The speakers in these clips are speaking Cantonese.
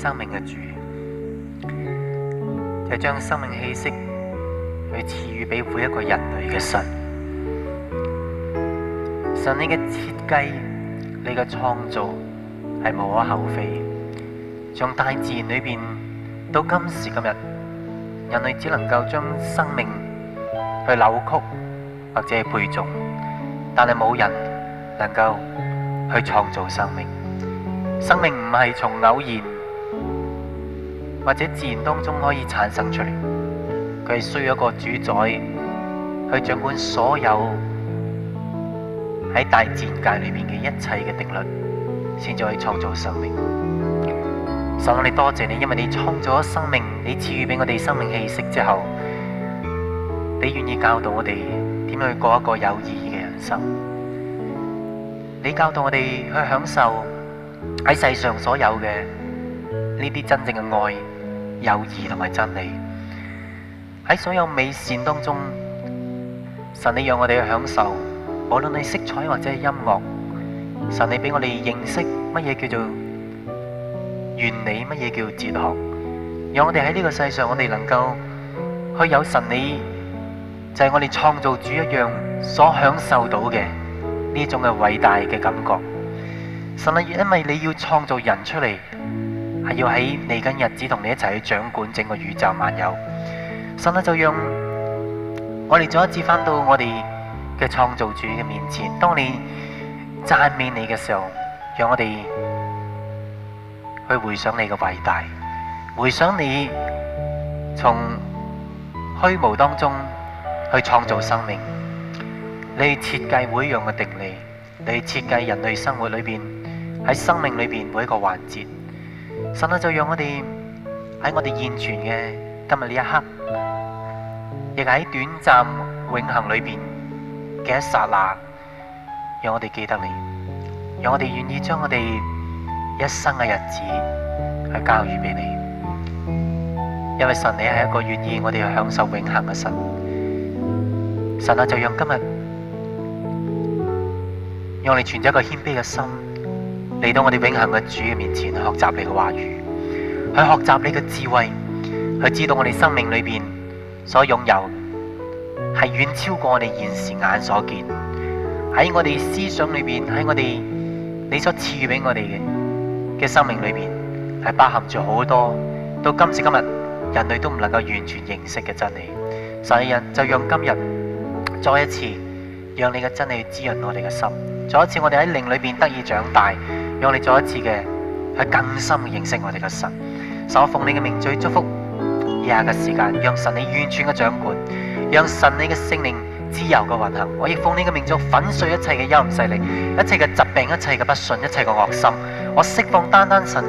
生命嘅主，就係將生命氣息去賜予俾每一個人類嘅神。神，你嘅設計，你嘅創造係無可厚非。從大自然裏邊到今時今日，人類只能夠將生命去扭曲或者係配種，但係冇人能夠去創造生命。生命唔係從偶然。或者自然當中可以產生出嚟，佢係需要一個主宰去掌管所有喺大自然界裏面嘅一切嘅定律，先至可以創造生命。神，我哋多謝你，因為你創造咗生命，你賜予俾我哋生命氣息之後，你願意教導我哋點樣去過一個有意義嘅人生。你教導我哋去享受喺世上所有嘅呢啲真正嘅愛。友誼同埋真理，喺所有美善當中，神你讓我哋去享受，無論係色彩或者係音樂，神你俾我哋認識乜嘢叫做原理，乜嘢叫做哲學，讓我哋喺呢個世上我哋能夠去有神你，就係我哋創造主一樣所享受到嘅呢種嘅偉大嘅感覺。神你因為你要創造人出嚟。係要喺嚟緊日子同你一齊去掌管整個宇宙漫遊，所以就讓我哋再一次翻到我哋嘅創造主嘅面前。當你讚美你嘅時候，讓我哋去回想你嘅偉大，回想你從虛無當中去創造生命，你設計每一樣嘅定理，你設計人類生活裏邊喺生命裏邊每一個環節。神啊，就讓我哋喺我哋現存嘅今日呢一刻，亦喺短暫永恆裏邊嘅一剎那，讓我哋記得你，讓我哋願意將我哋一生嘅日子去教育俾你。因為神你係一個願意我哋去享受永恆嘅神。神啊，就讓今日，讓我哋存一個謙卑嘅心。嚟到我哋永恆嘅主嘅面前，去學習你嘅話語，去學習你嘅智慧，去知道我哋生命裏邊所擁有係遠超過我哋現時眼所見。喺我哋思想裏邊，喺我哋你所賜予俾我哋嘅嘅生命裏邊，係包含住好多到今時今日人類都唔能夠完全認識嘅真理。所以人就讓今日再一次，讓你嘅真理滋潤我哋嘅心，再一次我哋喺靈裏邊得以長大。讓你再一次嘅去更深嘅認識我哋嘅神，所以我奉你嘅名再祝福以下嘅時間，讓神你完全嘅掌管，讓神你嘅聖靈自由嘅運行。我亦奉你嘅名，就粉碎一切嘅幽暗勢力，一切嘅疾病，一切嘅不順，一切嘅惡心。我釋放單單神，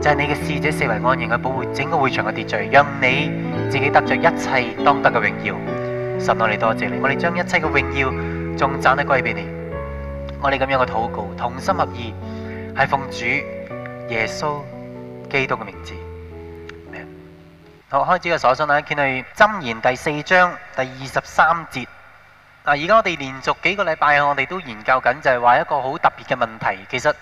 就係、是、你嘅使者，四圍安然去保護，整個會場嘅秩序，讓你自己得着一切當得嘅榮耀。神我哋多謝你，我哋將一切嘅榮耀仲爭得歸俾你。我哋咁樣嘅禱告，同心合意，係奉主耶穌基督嘅名字。好，開始嘅所信啊，見佢箴言第四章第二十三節。嗱，而家我哋連續幾個禮拜，我哋都研究緊，就係話一個好特別嘅問題。其實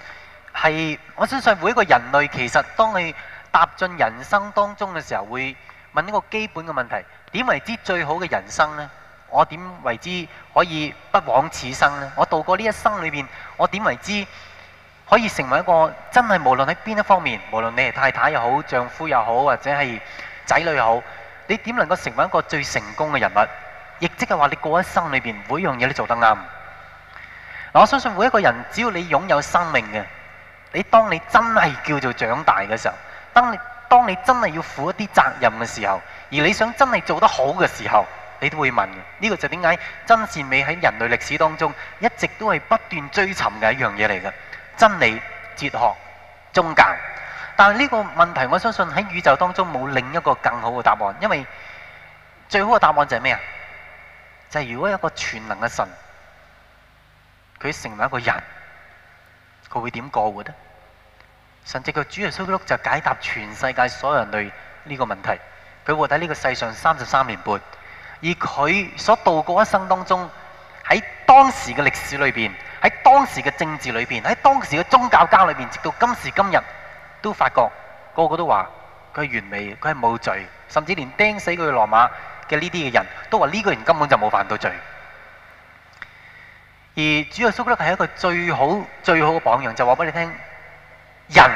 係我相信每一個人類，其實當你踏進人生當中嘅時候，會問一個基本嘅問題：點為之最好嘅人生呢？我點為之可以不枉此生呢？我度過呢一生裏邊，我點為之可以成為一個真係無論喺邊一方面，無論你係太太又好、丈夫又好，或者係仔女又好，你點能夠成為一個最成功嘅人物？亦即係話你過一生裏邊，每樣嘢都做得啱。我相信每一個人，只要你擁有生命嘅，你當你真係叫做長大嘅時候，當你當你真係要負一啲責任嘅時候，而你想真係做得好嘅時候。你都會問嘅，呢、這個就點解真善美喺人類歷史當中一直都係不斷追尋嘅一樣嘢嚟嘅？真理、哲學、宗教，但係呢個問題，我相信喺宇宙當中冇另一個更好嘅答案，因為最好嘅答案就係咩啊？就係、是、如果有一個全能嘅神，佢成為一個人，佢會點過活呢？甚至個主耶穌基督就解答全世界所有人類呢個問題。佢活喺呢個世上三十三年半。而佢所度過一生當中，喺當時嘅歷史裏邊，喺當時嘅政治裏邊，喺當時嘅宗教家裏邊，直到今時今日，都發覺個個都話佢係完美，佢係冇罪，甚至連釘死佢羅馬嘅呢啲嘅人都話呢個人根本就冇犯到罪。而主耶穌基督係一個最好最好嘅榜樣，就話俾你聽，人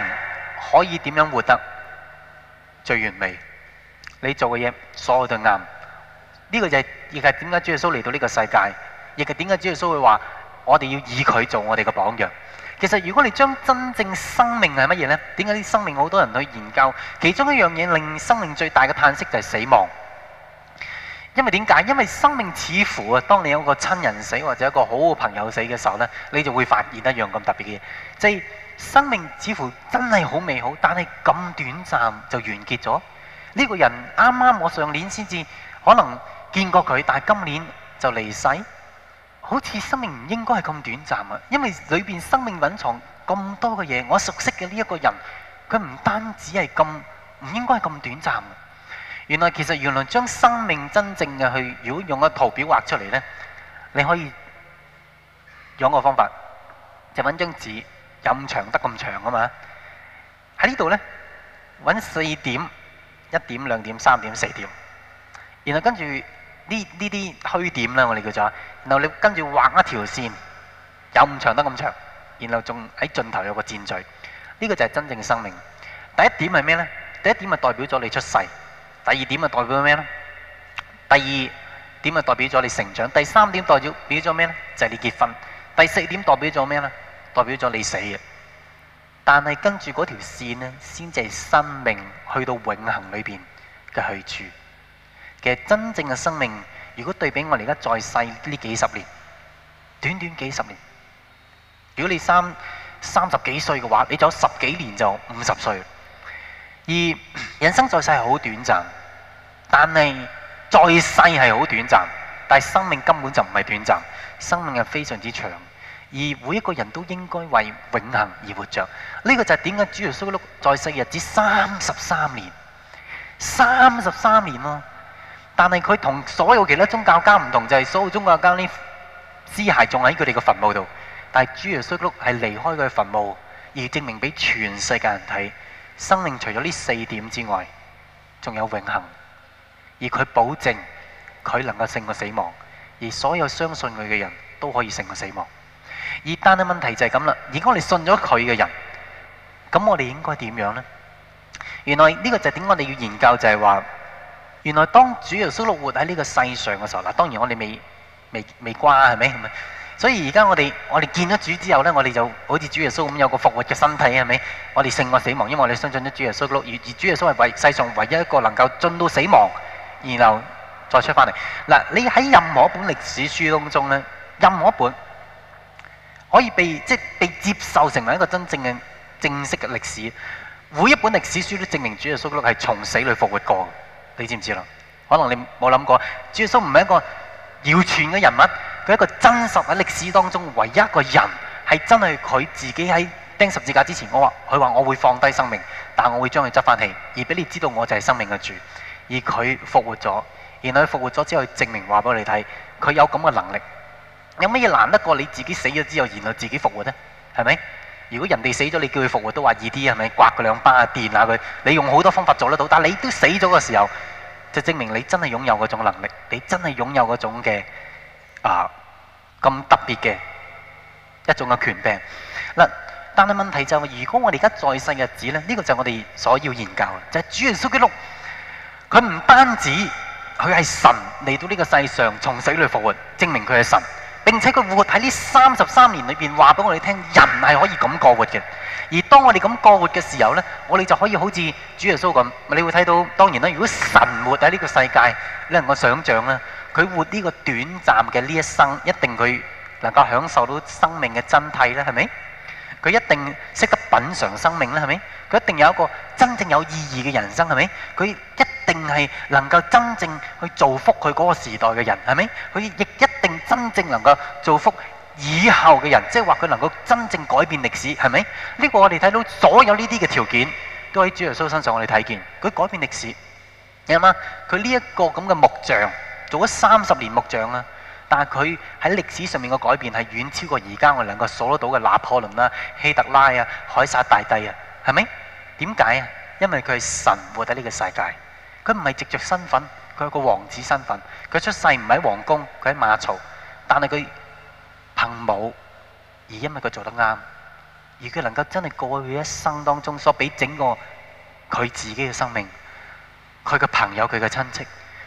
可以點樣活得最完美？你做嘅嘢所有都啱。呢個就係、是、亦係點解主耶穌嚟到呢個世界，亦係點解主耶穌會話我哋要以佢做我哋嘅榜樣。其實如果你將真正生命係乜嘢呢？點解啲生命好多人去研究？其中一樣嘢令生命最大嘅嘆息就係死亡。因為點解？因為生命似乎啊，當你有個親人死或者一個好好朋友死嘅時候呢，你就會發現一樣咁特別嘅嘢，即、就、係、是、生命似乎真係好美好，但係咁短暫就完結咗。呢、這個人啱啱我上年先至可能。見過佢，但係今年就離世，好似生命唔應該係咁短暫啊！因為裏邊生命蘊藏咁多嘅嘢，我熟悉嘅呢一個人，佢唔單止係咁，唔應該係咁短暫。原來其實原來將生命真正嘅去，如果用個圖表畫出嚟咧，你可以用個方法，就搵張紙，有咁長得咁長啊嘛。喺呢度咧，搵四點，一點、兩點、三點、四點，然後跟住。呢呢啲虛點啦，我哋叫做。然後你跟住畫一條線，有咁長得咁長，然後仲喺盡頭有個箭嘴。呢個就係真正嘅生命。第一點係咩呢？第一點係代表咗你出世。第二點係代表咩呢？第二點係代表咗你成長。第三點代表表咗咩呢？就係你結婚。第四點代表咗咩呢？代表咗你死。但係跟住嗰條線呢，先至係生命去到永恆裏邊嘅去處。嘅真正嘅生命，如果對比我哋而家在世呢幾十年，短短幾十年。如果你三三十幾歲嘅話，你仲有十幾年就五十歲。而人生在世係好短暫，但係在世係好短暫，但係生命根本就唔係短暫，生命係非常之長，而每一個人都應該為永恆而活着。呢、這個就係點解主耶穌喺度在世日子三十三年，三十三年咯、啊。但係佢同所有其他宗教家唔同，就係、是、所有宗教家呢屍骸仲喺佢哋嘅墳墓度，但係主耶穌係離開佢嘅墳墓，而證明俾全世界人睇，生命除咗呢四點之外，仲有永恆，而佢保證佢能夠勝過死亡，而所有相信佢嘅人都可以勝過死亡。而單一問題就係咁啦。如果我哋信咗佢嘅人，咁我哋應該點樣呢？原來呢、這個就係點我哋要研究，就係、是、話。原來當主耶穌活喺呢個世上嘅時候，嗱，當然我哋未未未瓜，係咪？所以而家我哋我哋見咗主之後咧，我哋就好似主耶穌咁有個復活嘅身體，係咪？我哋勝過死亡，因為我哋相信咗主耶穌。而主耶穌係唯世上唯一一個能夠進到死亡，然後再出翻嚟。嗱，你喺任何一本歷史書當中咧，任何一本可以被即係、就是、被接受成為一個真正嘅正式嘅歷史，每一本歷史書都證明主耶穌係從死裏復活過。你知唔知啦？可能你冇諗過，耶穌唔係一個謠傳嘅人物，佢一個真實喺歷史當中唯一一個人，係真係佢自己喺釘十字架之前，我話佢話我會放低生命，但我會將佢執翻起，而俾你知道我就係生命嘅主，而佢復活咗，然後佢復活咗之後證明話俾你睇，佢有咁嘅能力，有乜嘢難得過你自己死咗之後，然後自己復活呢？係咪？如果人哋死咗，你叫佢復活都話易啲，係咪？刮佢兩巴啊，電下佢，你用好多方法做得到。但係你都死咗嘅時候，就證明你真係擁有嗰種能力，你真係擁有嗰種嘅啊咁特別嘅一種嘅權柄。嗱，但係問題就係，如果我哋而家在世日子咧，呢個就係我哋所要研究嘅，就係主耶穌基督，佢唔單止佢係神嚟到呢個世上從死裏復活，證明佢係神。並且佢活喺呢三十三年裏邊，話俾我哋聽，人係可以咁過活嘅。而當我哋咁過活嘅時候呢，我哋就可以好似主耶穌咁。你會睇到，當然啦，如果神活喺呢個世界，你能夠想象啦，佢活呢個短暫嘅呢一生，一定佢能夠享受到生命嘅真諦啦，係咪？佢一定識得品嚐生命啦，係咪？佢一定有一個真正有意義嘅人生，係咪？佢一定係能夠真正去造福佢嗰個時代嘅人，係咪？佢亦一定真正能夠造福以後嘅人，即係話佢能夠真正改變歷史，係咪？呢個我哋睇到所有呢啲嘅條件，都喺主耶穌身上我哋睇見佢改變歷史。你諗下，佢呢一個咁嘅木匠，做咗三十年木匠啊！但係佢喺歷史上面嘅改變係遠超過而家我哋能夠數得到嘅拿破崙啦、希特拉啊、凱撒大帝啊，係咪？點解啊？因為佢係神活喺呢個世界，佢唔係藉着身份，佢有個王子身份，佢出世唔喺皇宮，佢喺馬槽，但係佢憑武，而因為佢做得啱，而佢能夠真係過去一生當中所俾整個佢自己嘅生命，佢嘅朋友、佢嘅親戚、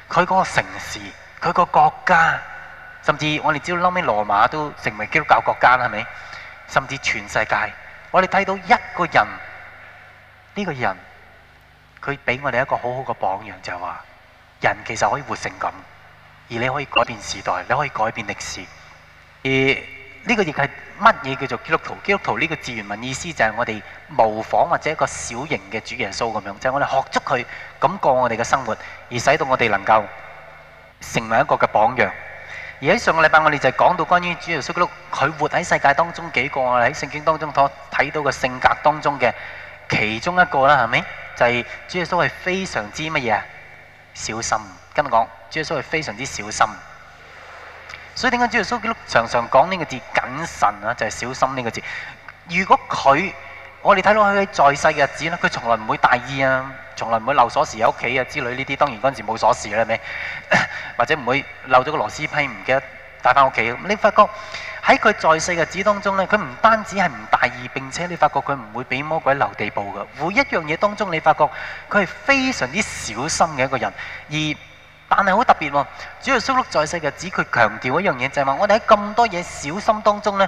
佢嗰個城市、佢個國家。甚至我哋知道，後尾羅馬都成為基督教國家啦，係咪？甚至全世界，我哋睇到一個人，呢個人佢俾我哋一個好好嘅榜樣，就係話人其實可以活成咁，而你可以改變時代，你可以改變歷史。而呢個亦係乜嘢叫做基督徒？基督徒呢個字原文意思就係我哋模仿或者一個小型嘅主耶穌咁樣，就係我哋學足佢咁過我哋嘅生活，而使到我哋能夠成為一個嘅榜樣。而喺上個禮拜，我哋就講到關於主耶穌基督，佢活喺世界當中幾個，我哋喺聖經當中所睇到嘅性格當中嘅其中一個啦，係咪？就係主耶穌係非常之乜嘢？小心，跟我講，主耶穌係非常之小心。所以點解主耶穌基督常常講呢個字謹慎啊？就係小心呢個字。如果佢我哋睇落去佢在世嘅日子咧，佢從來唔會大意啊，從來唔會漏鎖匙喺屋企啊之類呢啲，當然嗰陣時冇鎖匙啦，係咪？或者唔會漏咗個螺絲批唔記得帶翻屋企。你發覺喺佢在世嘅日子當中咧，佢唔單止係唔大意，並且你發覺佢唔會俾魔鬼留地步㗎。每一樣嘢當中，你發覺佢係非常之小心嘅一個人。而但係好特別喎，主耶穌在世嘅日子，佢強調一樣嘢就係話，我哋喺咁多嘢小心當中咧。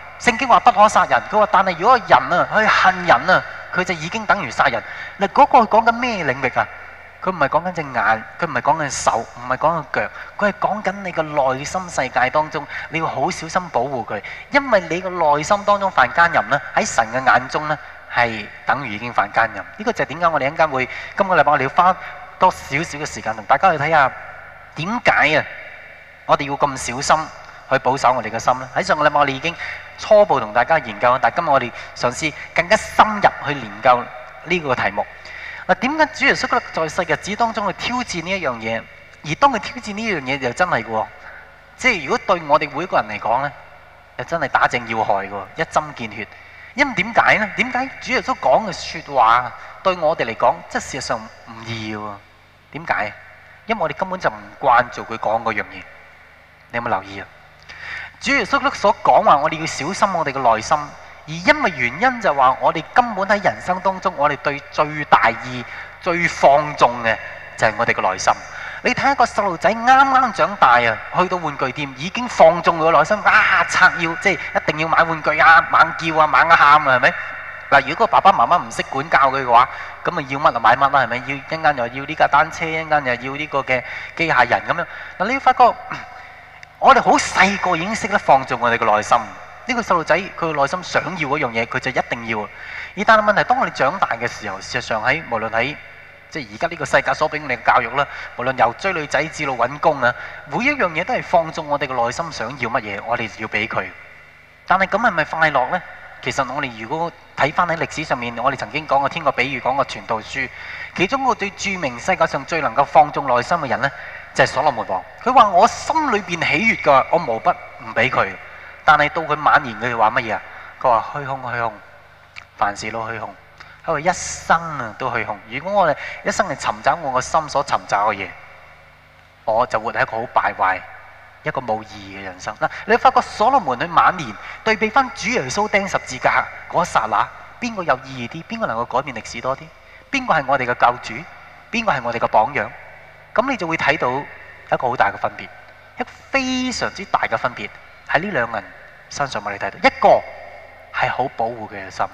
聖經話不可殺人，佢話但係如果人啊去恨人啊，佢就已經等於殺人。嗱，嗰個講緊咩領域啊？佢唔係講緊隻眼，佢唔係講緊手，唔係講緊腳，佢係講緊你個內心世界當中，你要好小心保護佢，因為你個內心當中犯奸淫咧，喺神嘅眼中咧係等於已經犯奸淫。呢個就係點解我哋一陣間會今個禮拜我哋要花多少少嘅時間同大家去睇下點解啊？我哋要咁小心去保守我哋嘅心咧。喺上個禮拜我哋已經，初步同大家研究，但係今日我哋嘗試更加深入去研究呢個題目。嗱，點解主耶穌喺在世日子當中去挑戰呢一樣嘢？而當佢挑戰呢樣嘢，就真係嘅，即係如果對我哋每一個人嚟講咧，又真係打正要害嘅，一針見血。因點解咧？點解主耶穌講嘅說話對我哋嚟講，即係事實上唔易嘅？點解？因為我哋根本就唔慣做佢講嗰樣嘢。你有冇留意啊？主耶穌咧所講話，我哋要小心我哋嘅內心，而因為原因就話我哋根本喺人生當中，我哋對最大意、最放縱嘅就係我哋嘅內心。你睇一個細路仔啱啱長大啊，去到玩具店已經放縱佢嘅內心啊，叉腰，即係一定要買玩具啊，猛叫啊，猛嘅喊啊，係咪？嗱，如果個爸爸媽媽唔識管教佢嘅話，咁咪要乜就買乜啦，係咪？要一陣又要呢架單車，一陣又要呢個嘅機械人咁樣。嗱，你發覺。我哋好細個已經識得放縱我哋嘅內心，呢個細路仔佢嘅內心想要嗰樣嘢，佢就一定要。而但係問題，當我哋長大嘅時候，事實上喺無論喺即係而家呢個世界所俾我哋嘅教育啦，無論由追女仔至到揾工啊，每一樣嘢都係放縱我哋嘅內心想要乜嘢，我哋要俾佢。但係咁係咪快樂呢？其實我哋如果睇翻喺歷史上面，我哋曾經講過天國比喻，講過傳道書，其中一個最著名世界上最能夠放縱內心嘅人呢，就係所羅門王，佢話我心裏邊喜悅噶，我冇不唔俾佢。但係到佢晚年，佢話乜嘢啊？佢話虛空，虛空，凡事都虛空，佢話一生啊都虛空。如果我哋一生嚟尋找我個心所尋找嘅嘢，我就活喺一個好敗壞、一個冇意義嘅人生。嗱，你發覺所羅門喺晚年對比翻主耶穌釘十字架嗰一剎那，邊個有意義啲？邊個能夠改變歷史多啲？邊個係我哋嘅教主？邊個係我哋嘅榜樣？咁你就會睇到一個好大嘅分別，一個非常之大嘅分別喺呢兩個人身上，我哋睇到一個係好保護佢嘅心，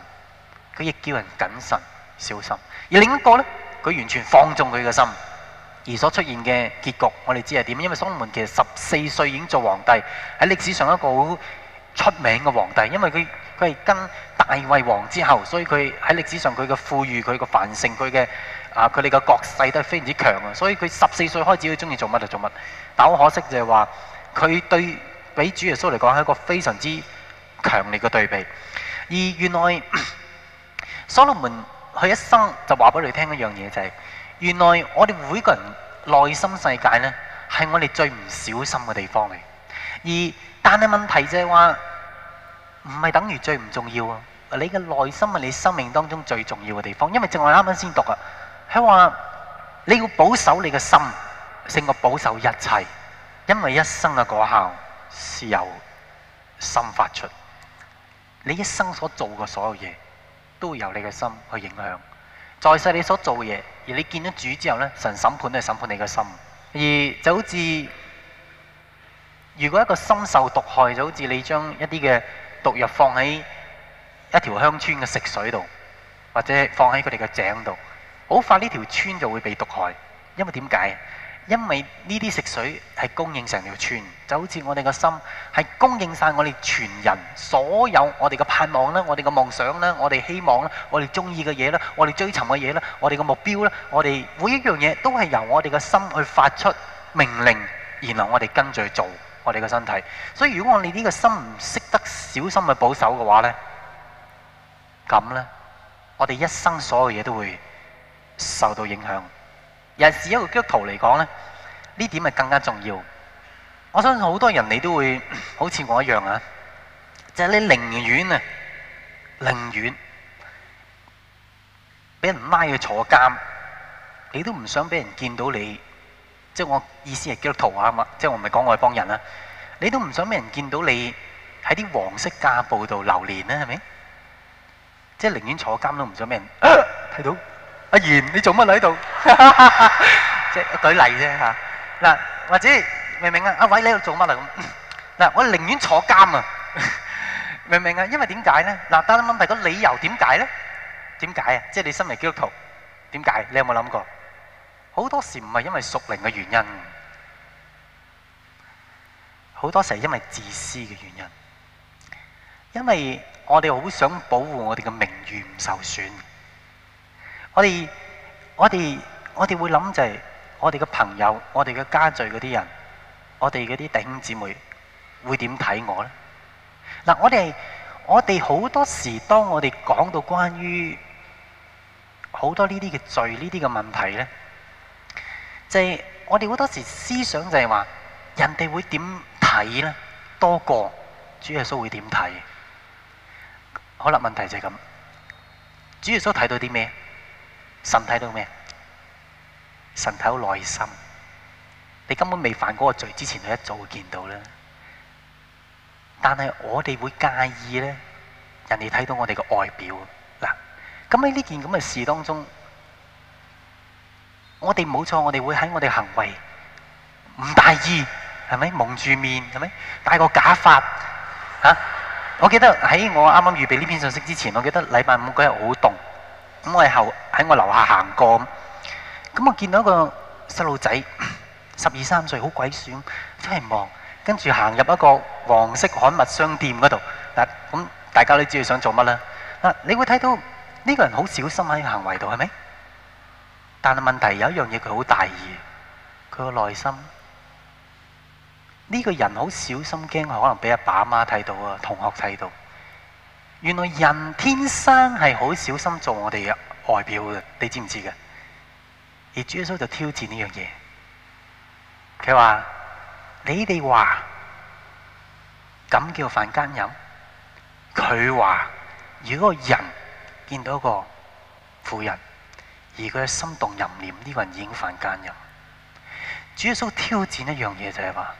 佢亦叫人謹慎小心；而另一個呢，佢完全放縱佢嘅心，而所出現嘅結局，我哋知係點。因為所羅門其實十四歲已經做皇帝，喺歷史上一個好出名嘅皇帝，因為佢佢係跟大衛王之後，所以佢喺歷史上佢嘅富裕、佢嘅繁盛、佢嘅。啊！佢哋嘅國勢都係非常之強啊，所以佢十四歲開始，佢中意做乜就做乜。但好可惜就係話，佢對比主耶穌嚟講係一個非常之強烈嘅對比。而原來所 羅門佢一生就話俾你聽一樣嘢，就係、是、原來我哋每個人內心世界呢，係我哋最唔小心嘅地方嚟。而但係問題就係話，唔係等於最唔重要啊！你嘅內心係你生命當中最重要嘅地方，因為正話啱啱先讀啊。佢話你要保守你嘅心，勝過保守一切，因為一生嘅果效是由心發出。你一生所做嘅所有嘢，都會由你嘅心去影響，在世你所做嘢，而你見咗主之後咧，神審判都係審判你嘅心。而就好似，如果一個心受毒害，就好似你將一啲嘅毒藥放喺一條鄉村嘅食水度，或者放喺佢哋嘅井度。好快呢條村就會被毒害，因為點解？因為呢啲食水係供應成條村，就好似我哋個心係供應晒我哋全人，所有我哋嘅盼望啦，我哋嘅夢想啦，我哋希望啦，我哋中意嘅嘢啦，我哋追尋嘅嘢啦，我哋嘅目標啦，我哋每一樣嘢都係由我哋嘅心去發出命令，然後我哋跟住去做我哋嘅身體。所以如果我哋呢個心唔識得小心去保守嘅話呢，咁呢，我哋一生所有嘢都會～受到影響，日是一個基督徒嚟講咧，呢點係更加重要？我相信好多人你都會好似我一樣啊，即係你寧願啊，寧願俾人拉去坐監，你都唔想俾人見到你。即係我意思係基督徒啊嘛，即係我唔係講外邦人啊。你都唔想俾人見到你喺啲黃色架步度流連啦，係咪？即係寧願坐監都唔想俾人睇、啊、到。阿賢，你做乜喺度？即係舉例啫吓。嗱，或者明唔明啊？阿偉你喺度做乜嚟咁？嗱，我寧願坐監啊！明唔明啊？因為點解咧？嗱，但係問題個理由點解咧？點解啊？即係你身為基督徒，點解？你有冇諗過？好多時唔係因為屬靈嘅原因，好多時係因為自私嘅原因，因為我哋好想保護我哋嘅名譽唔受損。我哋，我哋，我哋會諗就係我哋嘅朋友，我哋嘅家聚嗰啲人，我哋嗰啲弟兄姊妹會點睇我咧？嗱，我哋，我哋好多時，當我哋講到關於好多呢啲嘅罪呢啲嘅問題咧，就係、是、我哋好多時思想就係話，人哋會點睇咧？多過主耶穌會點睇？好啦，問題就係咁，主耶穌睇到啲咩？神睇到咩？神睇到內心。你根本未犯嗰個罪之前，佢一早會見到啦。但係我哋會介意咧？人哋睇到我哋嘅外表嗱，咁喺呢件咁嘅事當中，我哋冇錯，我哋會喺我哋行為唔大意，係咪蒙住面，係咪戴個假髮？吓，我記得喺我啱啱預備呢篇信息之前，我記得禮拜五嗰日好凍。咁我喺我樓下行過，咁我見到一個細路仔，十二三歲，好鬼鼠，真係望，跟住行入一個黃色刊物商店嗰度嗱，咁大家都知佢想做乜啦嗱，你會睇到呢、這個人好小心喺行為度係咪？但係問題有一樣嘢佢好大意，佢個內心呢、這個人好小心驚，可能俾阿爸阿媽睇到啊，同學睇到。原來人天生係好小心做我哋嘅外表嘅，你知唔知嘅？而主耶穌就挑戰呢樣嘢，佢話：你哋話咁叫犯奸淫。佢話如果人見到一個婦人，而佢心動淫念，呢個人已經犯奸淫。主耶穌挑戰一樣嘢，就係話，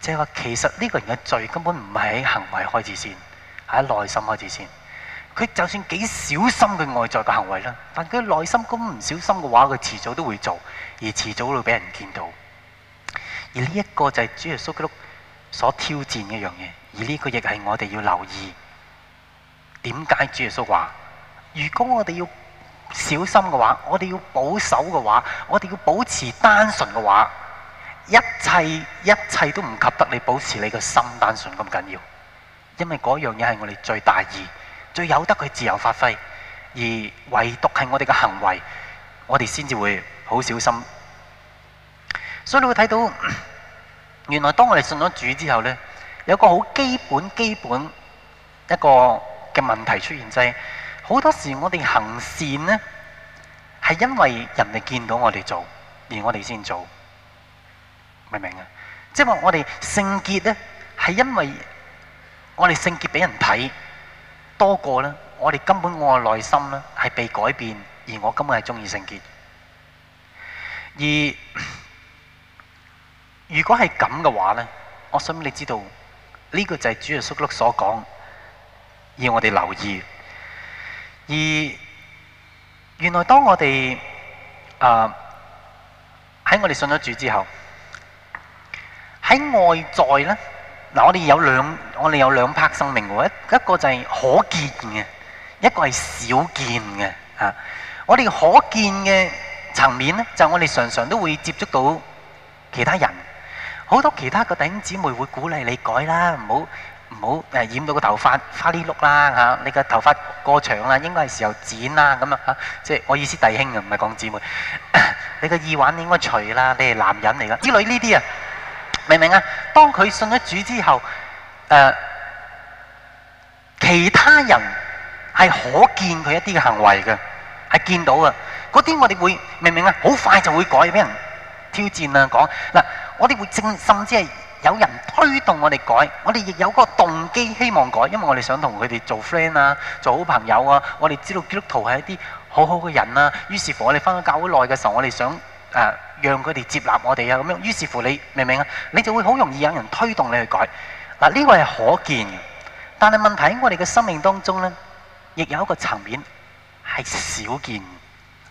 就係話其實呢個人嘅罪根本唔係喺行為開始先，喺內心開始先，佢就算幾小心佢外在嘅行為啦，但佢內心咁唔小心嘅話，佢遲早都會做，而遲早會俾人見到。而呢一個就係主耶穌基督所挑戰嘅一樣嘢，而呢個亦係我哋要留意。點解主耶穌話？如果我哋要小心嘅話，我哋要保守嘅話，我哋要保持單純嘅話，一切一切都唔及得你保持你嘅心單純咁緊要。因為嗰樣嘢係我哋最大意、最有得佢自由發揮，而唯獨係我哋嘅行為，我哋先至會好小心。所以你會睇到，原來當我哋信咗主之後咧，有個好基本基本一個嘅問題出現，就係好多時我哋行善咧，係因為人哋見到我哋做，而我哋先做，明唔明啊？即係話我哋聖潔咧，係因為。我哋聖潔俾人睇多過咧，我哋根本我嘅內心咧係被改變，而我根本係中意聖潔。而如果係咁嘅話咧，我想你知道呢個就係主耶穌基督所講，要我哋留意。而原來當我哋啊喺我哋信咗主之後，喺外在咧。嗱，我哋有兩，我哋有兩批生命喎，一一個就係可見嘅，一個係少見嘅嚇。我哋可見嘅層面咧，就係我哋常常都會接觸到其他人，好多其他嘅弟兄姊妹會鼓勵你改啦，唔好唔好誒染到個頭髮花哩碌啦嚇，你個頭髮過長啦，應該係時候剪啦咁啊嚇。即係我意思，弟兄啊，唔係講姊妹，你個耳環應該除啦，你係男人嚟㗎，之類呢啲啊。明唔明啊？當佢信咗主之後，誒、呃、其他人係可見佢一啲嘅行為嘅，係見到嘅。嗰啲我哋會明唔明啊？好快就會改俾人挑戰啊，講嗱，我哋會正甚至係有人推動我哋改，我哋亦有個動機希望改，因為我哋想同佢哋做 friend 啊，做好朋友啊。我哋知道基督徒係一啲好好嘅人啊。於是乎我哋翻咗教會內嘅時候，我哋想。啊，讓佢哋接納我哋啊，咁樣，於是乎你明唔明啊？你就會好容易有人推動你去改。嗱，呢個係可見嘅，但係問題喺我哋嘅生命當中咧，亦有一個層面係少見，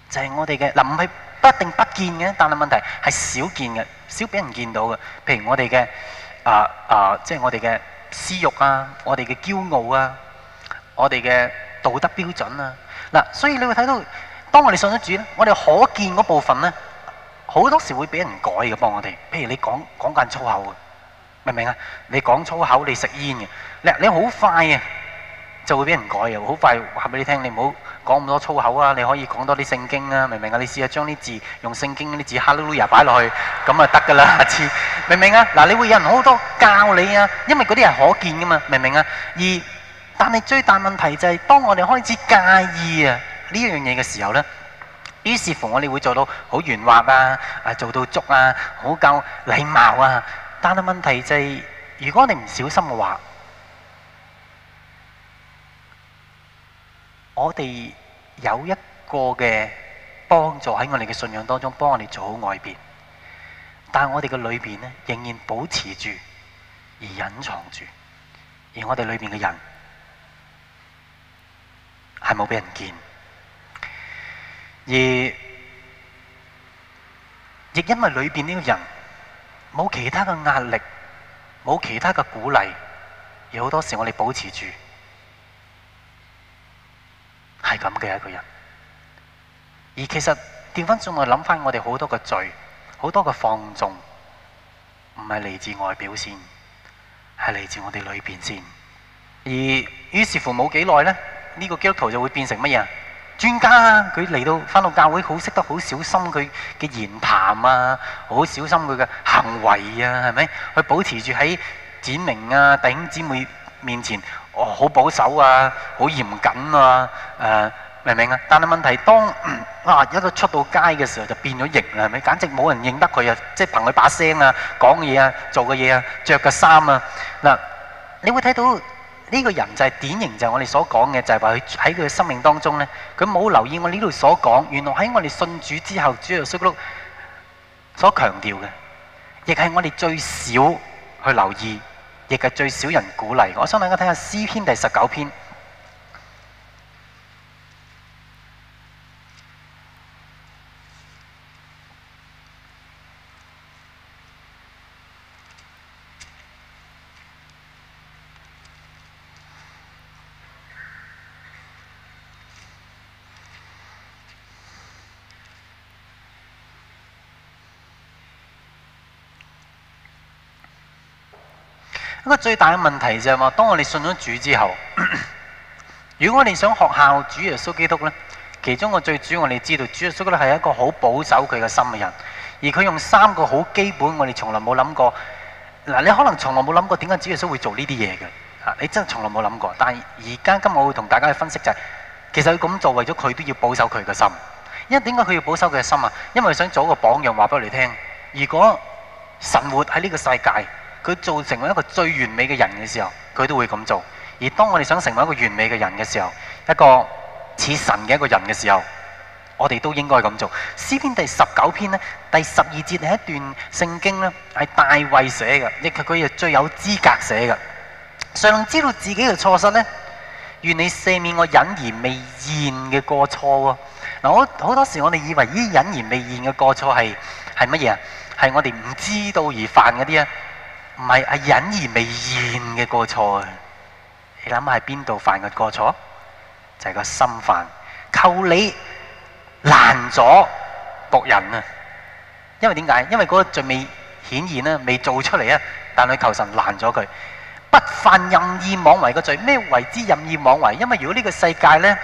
就係、是、我哋嘅，嗱唔係不一定不見嘅，但係問題係少見嘅，少俾人見到嘅。譬如我哋嘅啊啊，即、呃、係、呃就是、我哋嘅私欲啊，我哋嘅驕傲啊，我哋嘅道德標準啊。嗱、呃，所以你會睇到，當我哋信咗主咧，我哋可見嗰部分咧，好多時會俾人改嘅，幫我哋。譬如你講講緊粗口，明唔明啊？你講粗口，你食煙嘅。嗱，你好快啊，就會俾人改嘅。好快，話俾你聽，你唔好講咁多粗口啊！你可以講多啲聖經啊，明唔明啊？你試下將啲字用聖經啲字哈擼擼入擺落去，咁啊得噶啦，下次明唔明啊？嗱，你會有人好多教你啊，因為嗰啲係可見嘅嘛，明唔明啊？而但係最大問題就係、是，當我哋開始介意啊呢樣嘢嘅時候咧。於是乎，我哋會做到好圓滑啊，做到足啊，好夠禮貌啊。但係問題就係、是，如果你哋唔小心嘅話，我哋有一個嘅幫助喺我哋嘅信仰當中，幫我哋做好外邊。但我哋嘅裏邊呢，仍然保持住而隱藏住，而我哋裏邊嘅人係冇俾人見。而亦因為裏邊呢個人冇其他嘅壓力，冇其他嘅鼓勵，而好多時我哋保持住係咁嘅一個人。而其實調翻轉，我諗翻，我哋好多嘅罪，好多嘅放縱，唔係嚟自外表先，係嚟自我哋裏邊先。而於是乎，冇幾耐咧，呢個基督徒就會變成乜嘢？專家啊，佢嚟到返到教會，好識得好小心佢嘅言談啊，好小心佢嘅行為啊，係咪？佢保持住喺展明啊、弟兄姊妹面前，哦，好保守啊，好嚴謹啊，誒、呃，明唔明啊？但係問題當、嗯、啊，一到出到街嘅時候就變咗形啦，係咪？簡直冇人認得佢啊！即、就、係、是、憑佢把聲啊，講嘢啊，做嘅嘢啊，着嘅衫啊，嗱，你會睇到。呢個人就係典型，就係、是、我哋所講嘅，就係話佢喺佢嘅生命當中咧，佢冇留意我呢度所講，原來喺我哋信主之後，主耶穌基督所強調嘅，亦係我哋最少去留意，亦係最少人鼓勵。我想大家睇下詩篇第十九篇。最大嘅問題就係話，當我哋信咗主之後，咳咳如果我哋想學效主耶穌基督呢，其中嘅最主要我哋知道，主耶穌咧係一個好保守佢嘅心嘅人，而佢用三個好基本，我哋從來冇諗過。嗱，你可能從來冇諗過點解主耶穌會做呢啲嘢嘅，嚇你真係從來冇諗過。但而家今日我會同大家去分析就係，其實佢咁做為咗佢都要保守佢嘅心，因為點解佢要保守佢嘅心啊？因為想做一個榜樣話俾我哋聽，如果神活喺呢個世界。佢做成為一個最完美嘅人嘅時候，佢都會咁做；而當我哋想成為一個完美嘅人嘅時候，一個似神嘅一個人嘅時候，我哋都應該咁做。詩篇第十九篇呢，第十二節係一段聖經呢，係大衛寫嘅，亦佢係最有資格寫嘅。誰能知道自己嘅錯失呢？願你赦免我隱而未現嘅過錯。嗱，我好多時我哋以為呢，隱而未現嘅過錯係係乜嘢啊？係我哋唔知道而犯嗰啲啊？唔係啊，隱而未現嘅過錯。你諗下係邊度犯嘅過錯？就係、是、個心犯，求你攔咗僕人啊！因為點解？因為嗰個罪未顯現咧，未做出嚟啊！但係求神攔咗佢，不犯任意妄為嘅罪。咩為之任意妄為？因為如果呢個世界呢，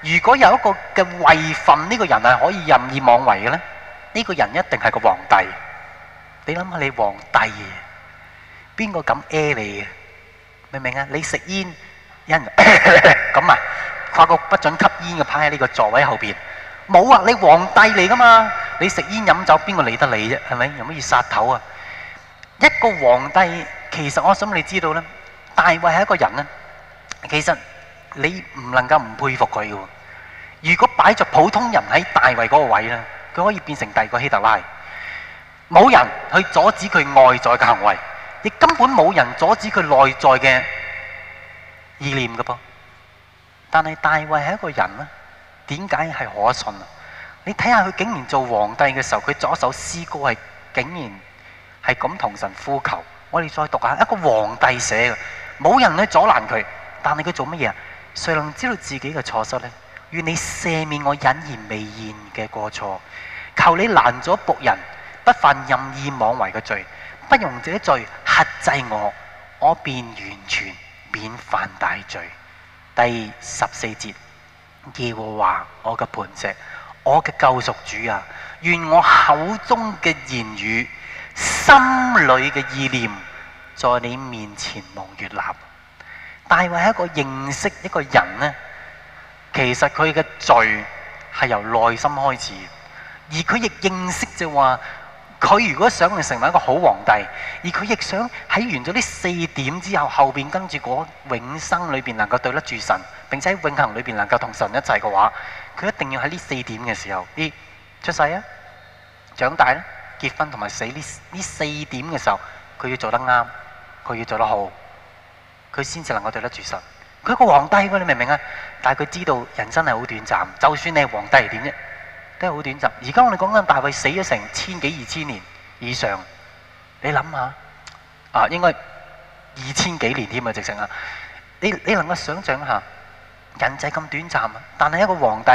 如果有一個嘅位份呢個人係可以任意妄為嘅咧，呢、這個人一定係個皇帝。你諗下，你皇帝。邊個敢 a 你嘅？明唔明啊？你食煙，有人咁啊？發 覺不准吸煙嘅，趴喺呢個座位後邊。冇啊！你皇帝嚟噶嘛？你食煙飲酒，邊個理得你啫？係咪？有乜嘢殺頭啊？一個皇帝，其實我想你知道咧，大衛係一個人咧。其實你唔能夠唔佩服佢嘅。如果擺着普通人喺大衛嗰個位咧，佢可以變成第二個希特拉。冇人去阻止佢外在嘅行為。亦根本冇人阻止佢內在嘅意念嘅噃，但係大衛係一個人啦，點解係可信啊？你睇下佢竟然做皇帝嘅時候，佢作一首詩歌係竟然係咁同神呼求。我哋再讀一下一個皇帝寫嘅，冇人去阻攔佢，但係佢做乜嘢啊？誰能知道自己嘅錯失呢？願你赦免我隱而未現嘅過錯，求你攔阻僕人不犯任意妄為嘅罪。不容者罪，核製我，我便完全免犯大罪。第十四節，耶和華我嘅磐石，我嘅救贖主啊！願我口中嘅言語、心裏嘅意念，在你面前蒙悅納。大衛一個認識一個人咧，其實佢嘅罪係由內心開始，而佢亦認識就話。佢如果想成為一個好皇帝，而佢亦想喺完咗呢四點之後，後邊跟住嗰永生裏邊能夠對得住神，並且喺永恆裏邊能夠同神一齊嘅話，佢一定要喺呢四點嘅時候，啲、欸、出世啊、長大啦、結婚同埋死呢呢四點嘅時候，佢要做得啱，佢要做得好，佢先至能夠對得住神。佢係個皇帝喎，你明唔明啊？但係佢知道人生係好短暫，就算你係皇帝點啫？都係好短暫。而家我哋講緊大衞死咗成千幾二千年以上，你諗下啊？應該二千幾年添啊，直情啊！你你能夠想象下，人仔咁短暫，但係一個皇帝，